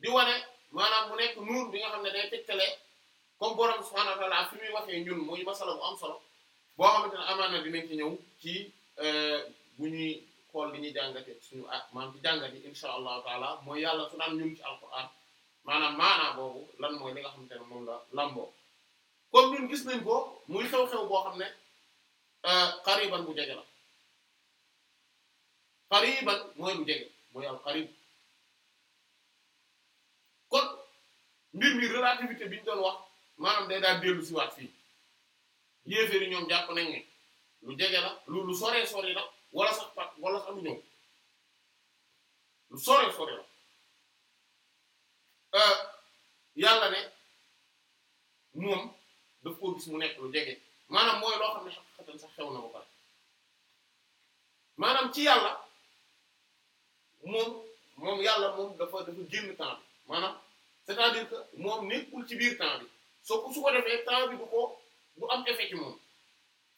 di wane maanaam mu nekk nuur bi nga xam ne day tegtale comme borom subhanahu wa ta'ala fi muy waxee ñun muy masala bu am solo boo xamante ne amaana dinañ ci ñëw euh, bu ñuy xool li ñuy jàngate suñu ak maanaam ci jàngat yi insha allahu mooy yàlla su daan ñun ci alquran maanaam maanaa boobu lan mooy li nga xamante ne moom la lamboo comme ñun gis nañ ko muy xew-xew boo xam ne euh, xariban bu jege la qariban mooy lu jege mooy al qarib kon mbir mi relativité bi ñu doon wax maanaam day daal dellu siwaat fii yéeféeri ñoom jàpp nañ lu jege la lu soree sore la wala sax pat wala sax lu ñëw soree sore la euh, yàlla ne moom daf koo gis mu nekk lu jege maanaam mooy loo xam ne xam-xatal sax xew na ba pare maanaam ci yàlla moom moom yàlla moom dafa dafa génn temps maanaam c'est-à-dire que moom nekkul ci biir temps bi soo ko su ko defee temps bi du ko du am effet ci moom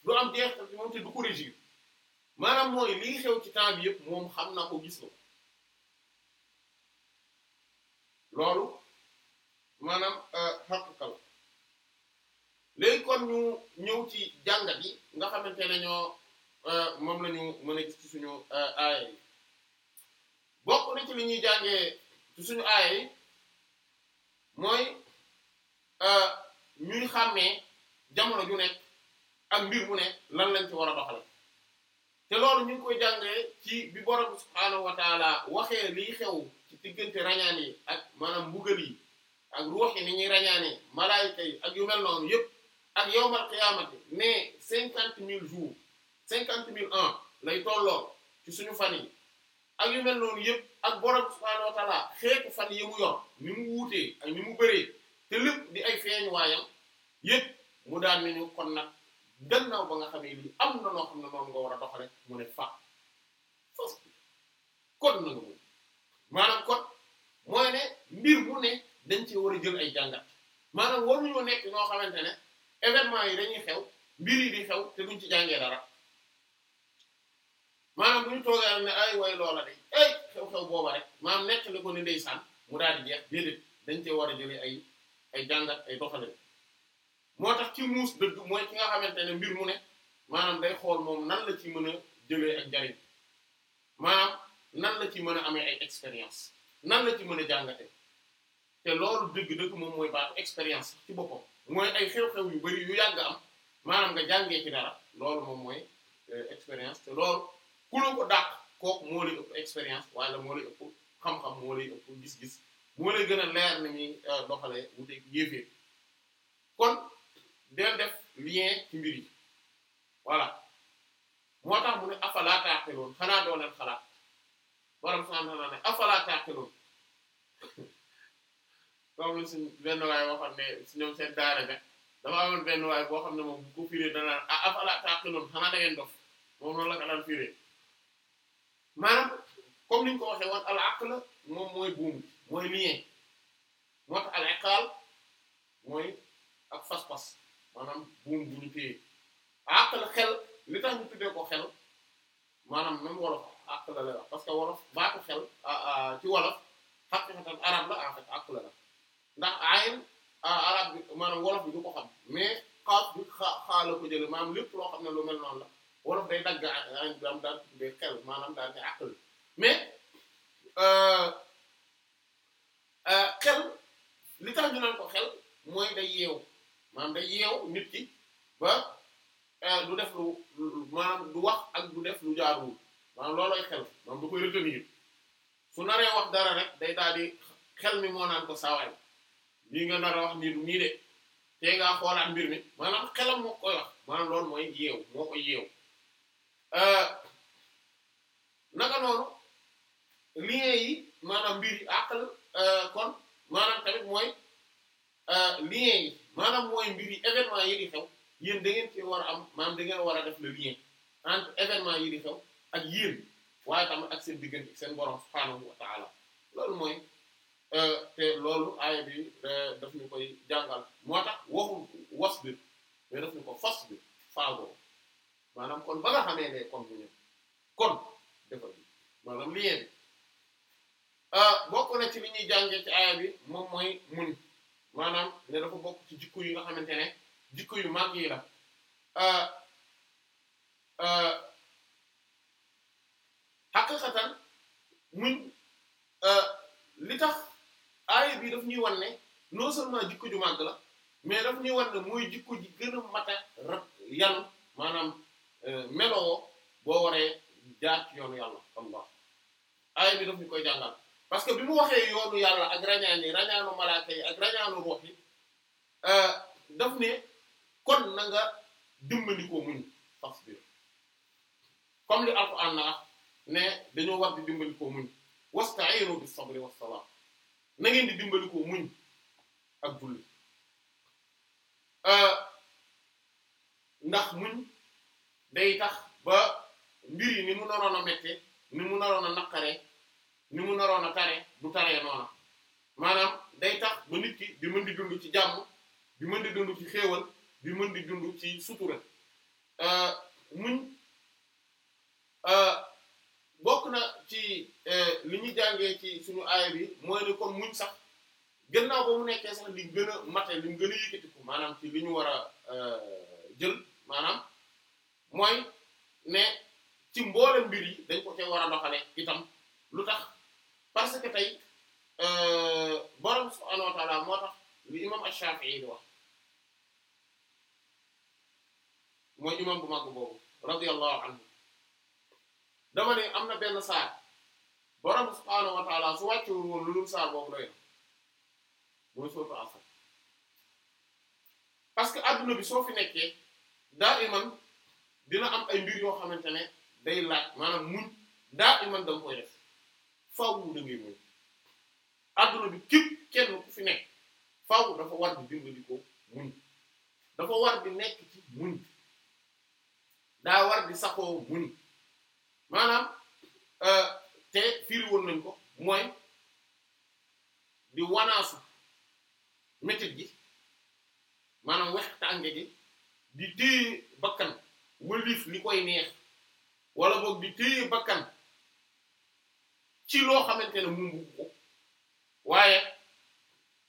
du am jeextal ci moom te du ko régir maanaam mooy lii xew ci temps bi yëpp moom xam naa ko gis na ko loolu maanaam euh, xaqiqa la léegi kon ñu ñëw ci jàngat yi nga xamante ne euh, moom lañu ñu mën a gis ci suñu euh, aaya yi bokk na ci li ñuy jàngee ci suñu aaya yi mooy euh, ñuy xàmmee jamono ju nekk ak mbir mu nekk lan lañ ci war a doxal te loolu ñu koy jàngee ci bi borom subhaanahu wa waxee liy xew ci diggante rañaan yi ak maanaam mbugal yi ak ruux ni ñuy rañaane malaay yi ak yu mel noonu yépp ak yawmal qiyaamati ne cinquante mille jours cinquante mille ans lay tolloo ci suñu fan yi ak yu mel noonu yëpp ak borom subhaanahu wa taala xeetu fan yi mu yor ni mu wuutee ak ni mu bëree te lépp di ay feeñ waayam yëpp mu daan nañu kon nag gannaaw ba nga xamee lii am na noo xam ne noonu nga war a doxale mu ne fa fas kon na nga moom maanaam kon mooy ne mbir mu ne dañ ci war a jël ay jàngat maanaam waruñoo nekk ñoo xamante ne événement yi dañuy xew mbir yi di xew te duñ ci jàngee dara maanaam bu ñu toogee am ne ay way loola de ay xew-xew booba rek maanaam nekk li ko ni ndeysaan mu daal jeex déedéet dañ cee war a jëlee ay ay jàngat ay doxalin moo tax ci muus dëgg mooy ki nga xamante ne mbir mu ne maanaam day xool moom nan la ci mën a jëlee ak njariñ nan la ci mën a amee ay expérience nan la ci mën a jàngate te loolu dëgg-dëgg moom mooy baatu expérience ci boppam mooy ay xew-xew yu bari yu yàgg am maanaam nga jàngee ci dara loolu moom mooy euh, expérience te loolu ku la ko dàq kooku moo lay ëpp expérience wala moo lay ëpp gën a leer ni ñuy euh, doxalee wuteeg yéefee kon del def lien ci mbir yi moo tax mu ne afala taaqiloon xanaa doo leen xalaat borom subhaanahu wa ta'aala ne afala taaqiloon benn waay boo xam ne si ñoom seen daara ja dafa amoon benn waay boo xam ne moom bu ko firee danaan ah afala xanaa da ngeen moom noonu la ko daan firee maanaam comme ni ko waxee woon al moom mooy buum mooy lien moo tax al iqal mooy ak fas-fas maanaam buum bu ñu téye aql xel li tax ñu tuddee ko xel maanaam même wolof aql la la parce que wolof baatu xel ci wolof xaqiqatan arab la en fait aql la ndax ayin arab bi maanaam wolof bi du ko xam mais xaaf bi la ko jële maanaam lépp loo xam ne lu mel noonu la wala day dagg ay daam daal tuddee xel maanaam daal ne euh, euh, xel ko xel mooy day yeew maanaam day yeew nit ki ba euh, du def lu maanaam du wax ak du def lu jaarul maanaam loolooy xel maanaam du koy retenir su naree wax dara rek day daal di xel mi moo naan ko saawaay lii nga nar wax nii du de tey ngaa xoolaat mbir mi maanaam xelam moo koy wax maanaam loolu mooy yeew moo ko yeew Euh, naka noonu liens yi maanaam mbir yi euh, kon maanaam tamit mooy euh, liens yi maanaam mooy mbir yi événement yi di xew yéen da ngeen ci war a am maanaam da ngeen war a def le lien entre événement yi di xew ak yéen waaye tamit ak seen diggante seen boroom subhaanahu wa taala loolu mooy te loolu aaya bi daf ñu koy jàngal moo tax waxul wasbir mais daf ñu ko fasbir faagoo maanaam kon ba nga xamee ne kon bu ñëw kon maanaam lien bi ah, bokk na ci li ñuy jàngee ci aaya bi moom mooy muñ maanaam ne dafa bokk ci jikko yi nga xamante ne jikko yu màgg yi la ah, ah, xaqiqatan muñ li tax aaya bi daf ñuy wan ne non seulement jikko ju màng la mais daf ñuy wan ne mooy jikko ji gën a mat a rab maanaam Euh, meloo boo waree jaar ci yoonu yàlla allah aaya bi koy jàngal parce que bi mu waxee yoonu yàlla ak rañaan yi rañaanu yi ak rañaanu ruux yi euh, daf ne kon na nga dimbali ko muñ fasbir comme li alquran na ne dañoo war di dimbali ko muñ wasta'iinu bis sabri was salaat na ngeen di dimbali ko muñ ak julli euh, ndax muñ day tax ba mbir yi ni mu naroon a méttee ni mu naroon a naqaree ni mu naroon a tare du taree noona maanaam day tax ba nit ki di mën di dund ci jàmm bi mën di dund ci xéewal di mën di dund ci sutura euh, muñ euh, bokk na ci euh, li ñu jàngee ci suñu aaya bi mooy ne kon muñ sax gannaaw ba mu nekkee sax li gën a mate li mu gën a maanaam ci li ñu war a jël maanaam mooy ne ci mboolem mbir yi dañ ko cee war a doxale itam lu tax parce que tey euh, borom subhaanahu wa ta'aala moo tax li imam Ash-Shafi'i di wax mooy imam bu mag boobu radiyallahu anhu dama ne am na benn saar borom subhaanahu wa ta'aala su wàccewul woon lu dul saar boobu doy na mooy sootu Asr parce que adduna bi soo fi nekkee daa iman dina am ay mbir yoo xamante ne day laaj maanaam muñ daa iman da nga koy def faaw da ngay muñ adduna bi képp kenn ku fi nekk faaw dafa war di dimbali ko muñ dafa war di nekk ci muñ daa war di saxoo muñ maanaam euh, te firi woon nañ ko mooy di wanaasu metit gi maanaam wex tànge gi di téye bakkan wëlif li koy wala boog bi téye bakkan ci loo xamante ne moom ko waaye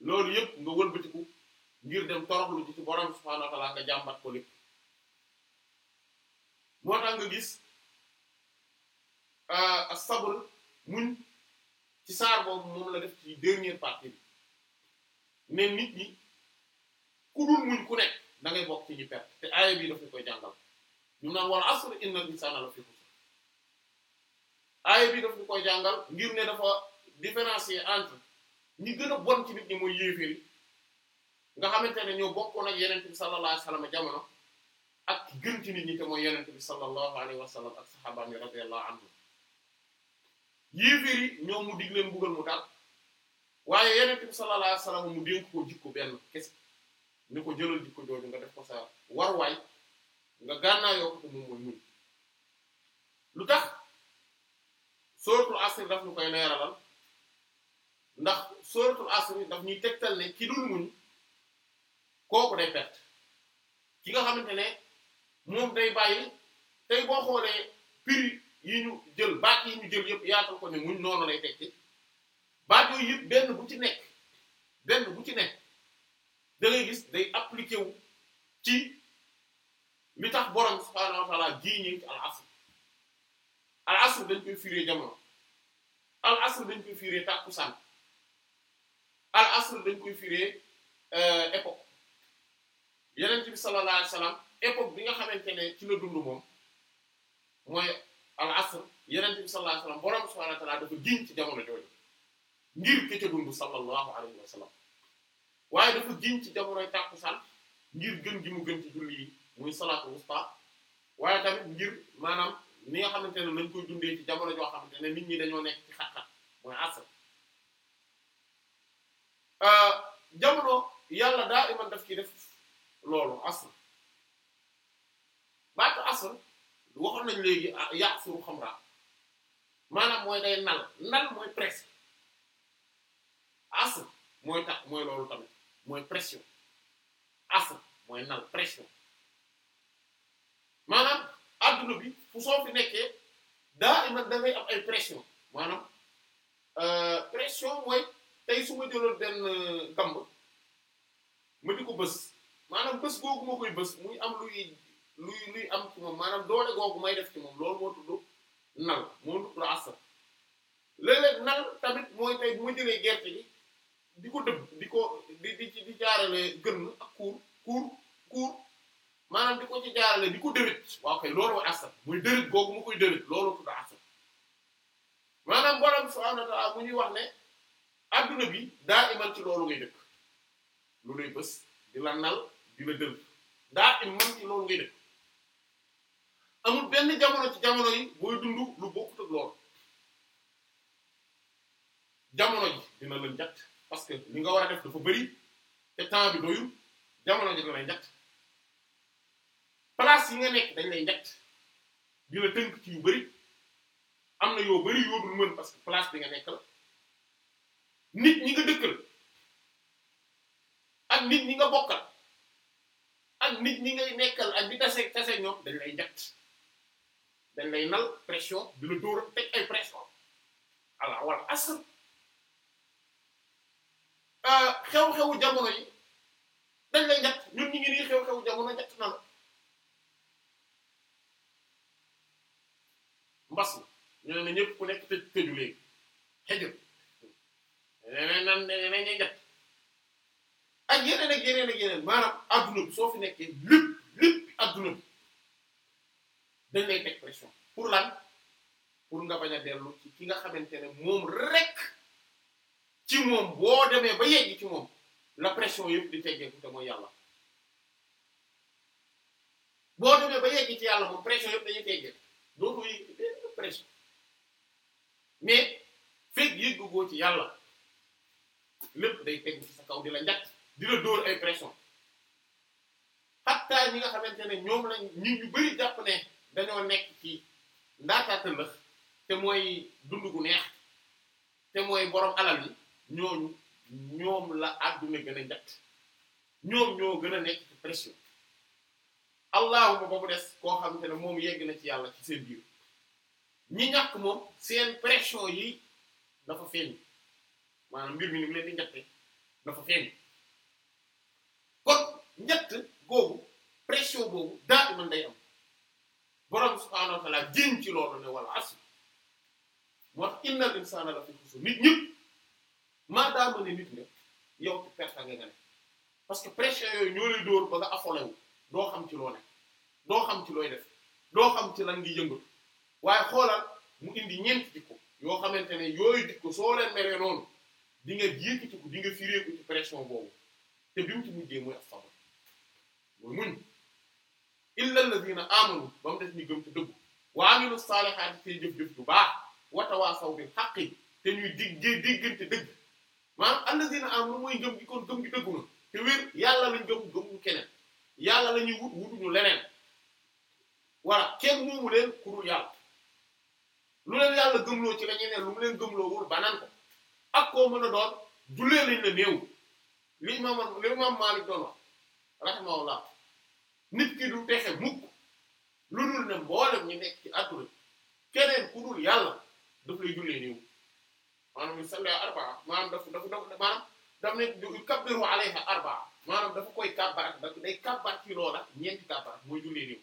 loolu yëpp nga wëlbatiku ngir dem toroxlu ci ci borom subhaanahu wa ta'aala jàmbat ko lépp moo tax nga gis euh, a sabr muñ ci saar boobu moom la def ci dernière partie bi ne nit ñi ku dul muñ ku nekk da ngay bokk ci ñi perte te aaya bii daf koy jàngal. ñu mu naan wal asr innal insana la fi xusr jàngal ngir ne dafa différencier entre ñi gën a bon ci ñi mooy yéeféer nga xamante ne ñoo bokkoon ak yenente bi sallallahu alayhi wa jamono ak gën ci nit ñi te bi sallallahu alayhi wa sallam ak saxaabaam yi radiyallahu anhum yéeféer yi ñoom mu dig leen mu dal waaye yenente bi sallallahu alayhi wa mu dénk ko jikko benn kese ni ko jëlal jikko jooju nga def ko sa warwaay nga gànnaa ko moom mooy muñ lu tax sóoratul asr daf ñu koy leeralal ndax sóoratul asr daf ñuy tegtal ne ki dul muñ kooku de perte ki nga xamante ne moom day bàyyi tey boo xoolee pir yi ñu jël baat yi ñu jël yëpp yaatal ko ne muñ noonu lay tekki baat yooyu benn bu ci nekk benn bu ci nekk da gis day appliqué wu ci li tax borom subhaanahu wa ta'aala giiñee ci al asr al asr dañ koy firee jamono al al asr dañ koy firee euh, époque yeneen bi sallallahu alayhi wasallam époque bi nga xamante ne ci la dund moom mooy al asr yeneen bi sallallahu alayhi wasallam borom subhaanahu wa ta'aala dafa giiñ ci jamono jooju ngir ke dund sallallahu alayhi waaye dafa giiñ ci jamonoy tàkkusaan ngir gën gi gën ci julli muy salaatu wusta waaye tamit ngir maanaam ni nga xamante ne nañ koy dundee ci jamono joo xamante ne nit ñi dañoo nekk ci xat-xat mooy asr euh, jamono yàlla daa iman daf ciy def loolu asr baatu asr waxoon nañ léegi ya'suru xamra maanaam mooy day nal nal mooy presse asr mooy tax mooy loolu tamit mooy pression asr mooy nal pression maanaam adduna bi fu soo fi nekkee daa iman da ngay am ay pression maanaam euh, pression mooy tey su ma jëloon benn euh, gamb ma di ko bës maanaam bës googu ma koy bës muy am luy luy luy am ci moom maanaam doole googu may def ci moom loolu moo tudd nal moo tudd asar léeg-léeg nal tamit mooy tey bu ma jëlee gerte gi di ko dëbb di ko di di di jaarale gën ak kuur kuur kuur maanaam di ko ci jaarale di ko dërët waaw kay loolu mooy asal muy dërët googu mu koy dërët loolu tudd asal maanaam borom subhaanahu wa am mu ñuy wax ne adduna bi daa imal ci loolu ngay dëkk la nal di la dërët benn jamono ci jamono yi booy dund lu bokkut ak jamono ji dina la njat parce que li nga war a def dafa bëri te temps bi doyul jamono ji dina la njat place yi nga nekk dañ lay njëkk di tënk ci yu bari am na yoo bari yoo dul mën parce que place bi nga nekkal nit ñi nga dëkkal ak nit ñi nga bokkal ak nit ñi ngay nekkal ak di tase tase ñoom dañ lay njëkk dañ lay nal pression di la dóor teg ay pression ala wala asr euh, xew-xewu jamono yi dañ lay njëkk ñun ñi ngi nii xew-xewu jamono njëkk na la bas ñu ne na ñëpp ku nekk tëj tëju léegi xëjul nee nan nee nañ ñett ak yeneen ak yeneen ak yeneen maanaam adduna soo fi nekkee lépp lépp adduna dañ lay teg pression pour lan pour nga bañ a dellu ci ki nga xamante ne moom rek ci moom boo demee ba yegg ci moom la pression yëpp di teggeeku te mooy yàlla boo demee ba yegg ci yàlla moom pression yëpp dañuy teggee doo ko pression mais fekk yëggagoo ci yàlla lépp day tegu ci sa kaw di la njàkk di dóor ay pression hatta ñi nga xamante ne ñoom lañ ñi ñu bari jàpp ne dañoo nekk ci ndaataata lëx te mooy dund gu neex te mooy boroom alal yi ñooñu ñoom la àdduna gën a njàkk ñoom ñoo gën a nekk ci pression allahuma ba mu des koo xamante ne moom yegg na ci yàlla ci seen biir ñi ñàkk moom seen pression yi dafa feeñ maanaam mbir mi ni leen di njette dafa feeñ kon njett googu pression boobu daal man day am borom subhaanahu wa ta'aala jéem ci loolu ne wala as moo tax innal insaana la fi nit ñëpp maa daa ne nit nga yow ci parce que pression yooyu ñoo lay dóor ba nga affolé doo xam ci loo ne doo xam ci looy def doo xam ci lan ngi yëngatu. waaye xoolal mu indi ñeenti jikko yoo xamante ne yooyu jikko soo leen meree noonu di nga yëkkatiku di nga firéeku ci pression boobu te bi mu ci mujjee mooy as-sabr mooy muñ illa alladhina amanu ba mu def ñu gëm te dëggu wa amilu saalihaati tey jëf-jëf ju baax wa tawaasaw bil ñuy diggee diggante dëgg maanaam alladhina amanu mooy gëm gi kon gëm gi dëggu na te yàlla lañ gëm gëmuñu keneen yàlla la wut wutuñu leneen wala kenn moomu leen ku dul yàlla lu leen yàlla gëmloo ci la ñuy ne lu mu leen gëmloo wul banaan ko ak koo mën a doon jullee lañ la néew li imaam li imaam Maalik doon wax rahimahullah nit ki du texe mukk lu dul ne mboolem ñu nekk ci àdduna keneen ku dul yàlla daf lay jullee néew maanaam salli arbaa maanaam daf daf daf maanaam daf ne kabbiru maanaam dafa koy kàbbarak da day kàbbar ci loola ñeenti kàbbarak mooy jullee néew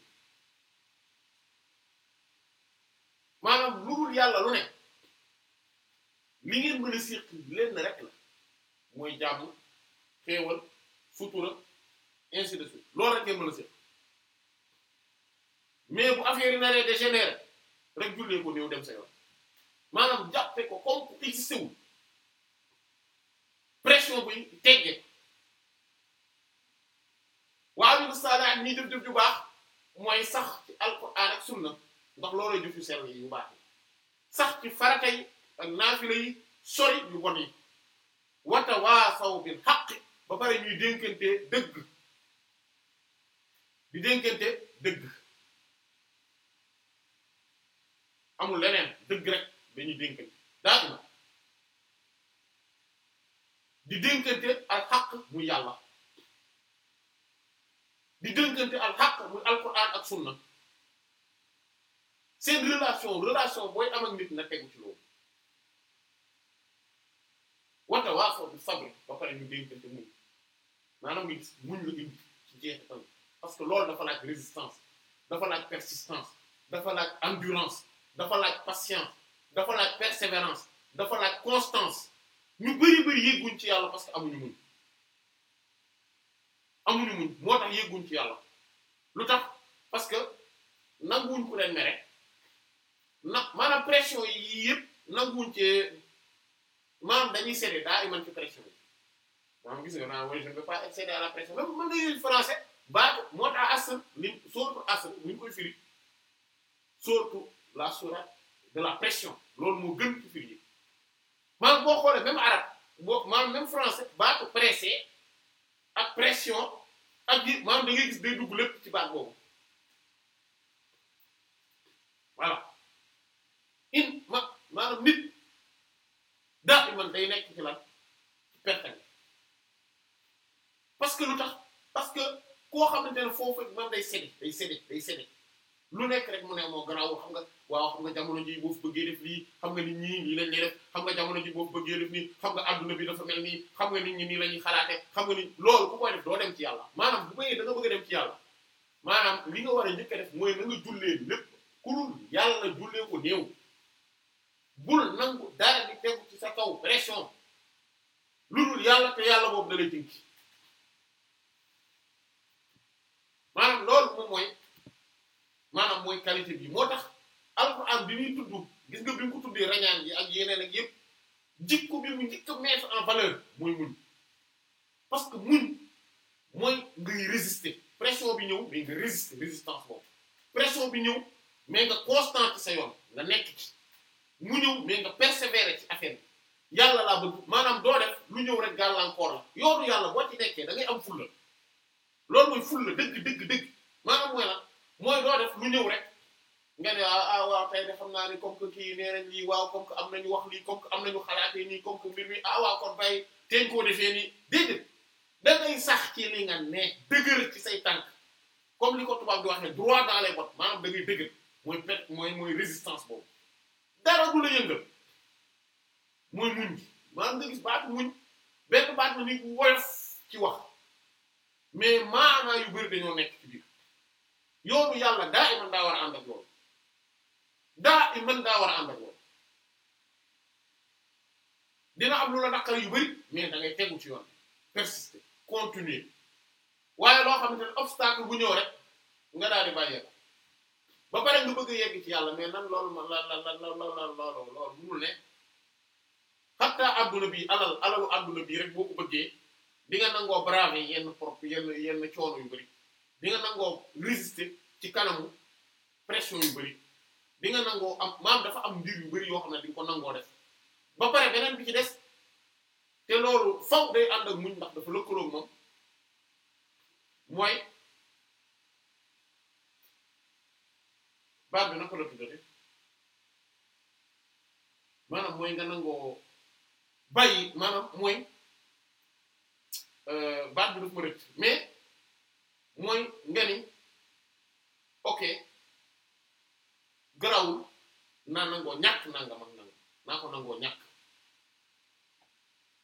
maanaam lu dul yàlla lu ne li ngeen mën a séq lenn rek la mooy jàmm xéewal futura ainsi loolu rek mën a séq mais bu affaire yi naree dégénéré rek jullee ko néew dem sa yoon maanaam jàppe ko comme ku existé wul pression buy teggee waaw lu saalaat ñiy jëf-jëf ju baax mooy sax ci alquran ak sunna ndax looloo jëf yu sell yi yu baax yi sax ci farata ak naafila yi sori yu bon yi wata waasaw bil xaq ba pare ñuy dénkante dëgg di dénkante dëgg amul leneen dëgg rek dañuy dénkante daal di dénkante al xaq muy yàlla di dénkante al xaq muy alquran ak sunna seen relation relation booy am ak nit na tegu ci loolu wante waa soo bi sabri ba pare ñu dénkante muñ maanaam ngi muñ la indi ci jeexital parce que loolu dafa laaj résistance dafa laaj persistance dafa laaj endurance dafa laaj patience dafa laaj persévérance dafa laaj constance ñu bari bari yëgguñ ci yàlla parce que amuñu muñ amuñu muñ moo tax yëgguñ ci yàlla lu tax parce que nanguwuñ ku leen mere na maana pression yii yëpp nanguwuñ cee maanaam dañuy cédé daa man ci pression yi maanaam gis nga maanaam je ne pas céder à la pression même mën nga yooyu français baatu moo tax asr liñ sóortu asr ñu koy firi sóortu la sourate de la pression loolu moo gën ci firi yi boo xoolee même arabe boo maanaam même français baatu pressé ak pression ak ji maanaam da gis day dugg ci baat boobu in ma maanaam nit daa man day nekk ci lan parce que lu tax parce que koo xamante ne foofu moom day séddi day séddi day séddi lu nekk rek mu ne moo garaawul xam nga waaw xam nga jamono ji boo bëggee def lii xam nga nit ñi lii lañ lay xam nga jamono ji boo bëggee nii xam nga adduna bi dafa mel nii xam nga nit ñi nii la ñuy xalaate xam nga ni loolu ku koy def doo dem ci yàlla maanaam bu koy da nga dem ci yàlla maanaam li nga war a njëkk def mooy na nga jullee lépp ku dul yàlla jullee ko néew. bul nangu dara di tegu ci sa kaw pression lu dul yàlla te yàlla boobu da lay maanaam loolu moom mooy maanaam mooy qualité bi moo tax alxuraan bi ñuy tudd gis nga bi mu tuddee rañaan yi ak yeneen ak yépp ko bi mu njëkk a en valeur mooy muñ parce que muñ mooy ngay résister pression bi ñëw mais nga résister résistance boobu pression bi ñëw mais nga constant sa yoon nga nekk ci mu ñëw mais nga persévérer ci affaire bi yàlla laa bëgg maanaam doo def lu ñëw rek gàllankoor la yoonu yàlla boo ci nekkee da ngay am fulla loolu mooy fulla dëgg dëgg dëgg maanaam mooy la mooy doo def lu ñëw rek nga ne ah, ah waaw tey xam naa ni comme que kii nee nañ waaw comme que am ñu wax lii comme que am nañu xalaatee nii comme que mbir mi ah waaw kon bàyyi teeñ koo defee nii déedéet da ngay sax ci li nga ne dëgër ci say tànk comme li ko tubaab di wax ne droit dans les bottes maanaam da ngay dëgër mooy pet dara du la muñ benn baat na ni ci wax mais maanaa yu bari dañoo yàlla daa iman daa war a ànd daa iman daa war a ànd ak loolu dina am lu la naqar yu bari mais da ngay tegu ci yoon persister continuer waaye loo xamante ne obstacle bu ñëw rek nga daal di bàyyeeku ba pare nga bëgg a yegg ci yàlla mais nan loolu la la la loolu loolu munul ne xataa adduna bi alal alalu adduna bi rek boo ko bëggee di nga nangoo braver yenn propre yenn yenn coono yu bari di nga nangoo résister ci kanamu pression yu bari di nga nangoo am maam dafa am mbir yu bari yoo xam ne di ko nangoo def ba pare beneen bi ci des te loolu faw day ànd ak muñ ndax dafa lëkkaloo moom mooy. baat bi naka la tuddati maanaam mooy nga nangoo bàyyi maanaam mooy euh, baat bi daf ma rëcc mais mooy nga ni ok garawul naa nangoo ñàkk nangam ak nangam naa ko nangoo ñàkk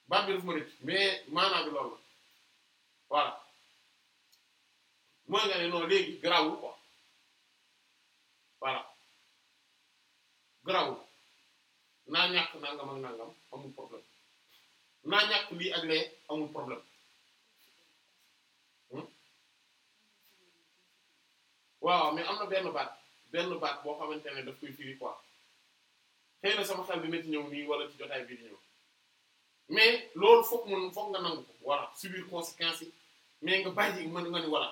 baat bi daf ma rëcc mais maanaa bi loolu la mooy nga ne non léegi garawul quoi voilà garaawul naa ñàkk nangam ak nangam amul problème hmm? waaw mais am na benn baat benn baat boo xamante ne daf koy firi quoi xëy na sama xel dina ci ñëw nii wala ci jotaay bi ñëw mais loolu foog mun foog nga nangu ko voilà subir conséquences yi mais nga bàyyi man nga ni voilà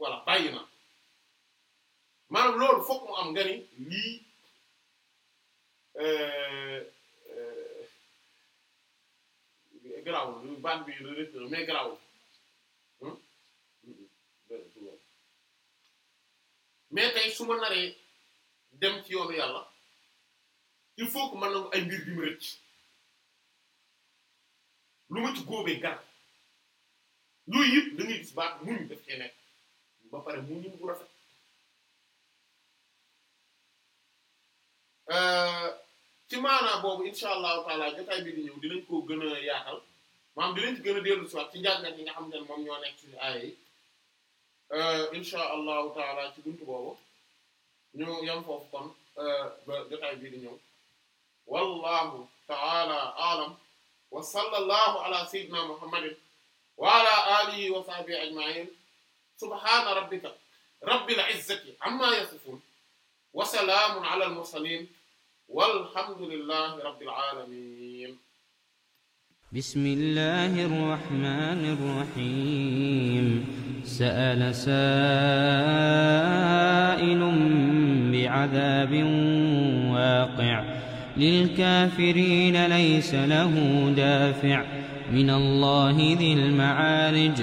voilà bàyyi na maanaam loolu fokk mu am nga ni lii euh, euh, garaawul baat bi rëdd na mais garaawul hmm? Hmm, hmm. mais tey su ma naree dem ci yoonu yàlla il faut que man nangu ay mbir bi mu rëcc lu ma ci góobee gar yooyu yëpp da ngay gis baat muñ def cee nekk ba pare muñu bu rafet Euh, ci maanaa boobu incha allahu taala jotaay bi di ñëw dinañ ko gën a yaatal maanaam dinañ ci gën a dellu si waat ci njàngat yi nga xam ne moom ñoo nekk suñu aaya yi euh, incha allahu taala ci buntu boobu ñu yam foofu kon euh, ba jotaay bi di ñëw wallahu taala alam wa sallallahu ala sayyidina muhammadin wa ala alihi wa sahbihi ajma'in subhana rabbika rabbil izzati amma yasifun wa salamun ala al mursalin walhamdulillahi rabbil alamin bismillahir rahmanir rahim sa'ala sa'ilun bi'adabin waqi' للكافرين ليس له دافع من الله ذي المعارج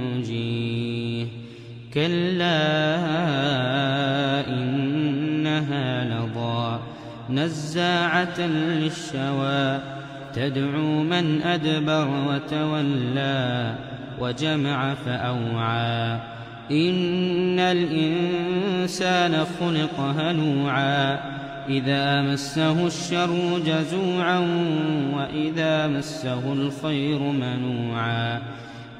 كلا إنها لظى نزاعة للشوى تدعو من أدبر وتولى وجمع فأوعى إن الإنسان خلق هلوعا إذا مسه الشر جزوعا وإذا مسه الخير منوعا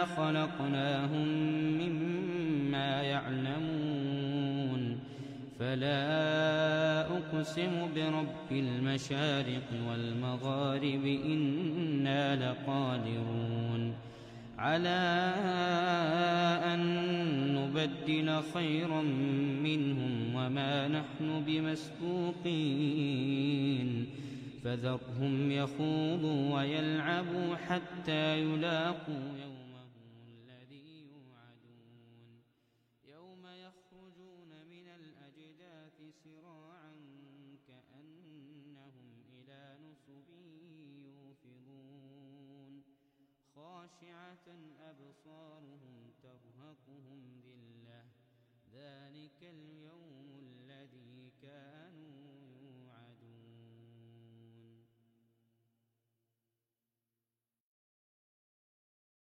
إِنَّا خَلَقْنَاهُمْ مِمَّا يَعْلَمُونَ فَلَا أُقْسِمُ بِرَبِّ الْمَشَارِقِ وَالْمَغَارِبِ إِنَّا لَقَادِرُونَ على أن نبدل خيرا منهم وما نحن بمسبوقين فذرهم يخوضوا ويلعبوا حتى يلاقوا يوم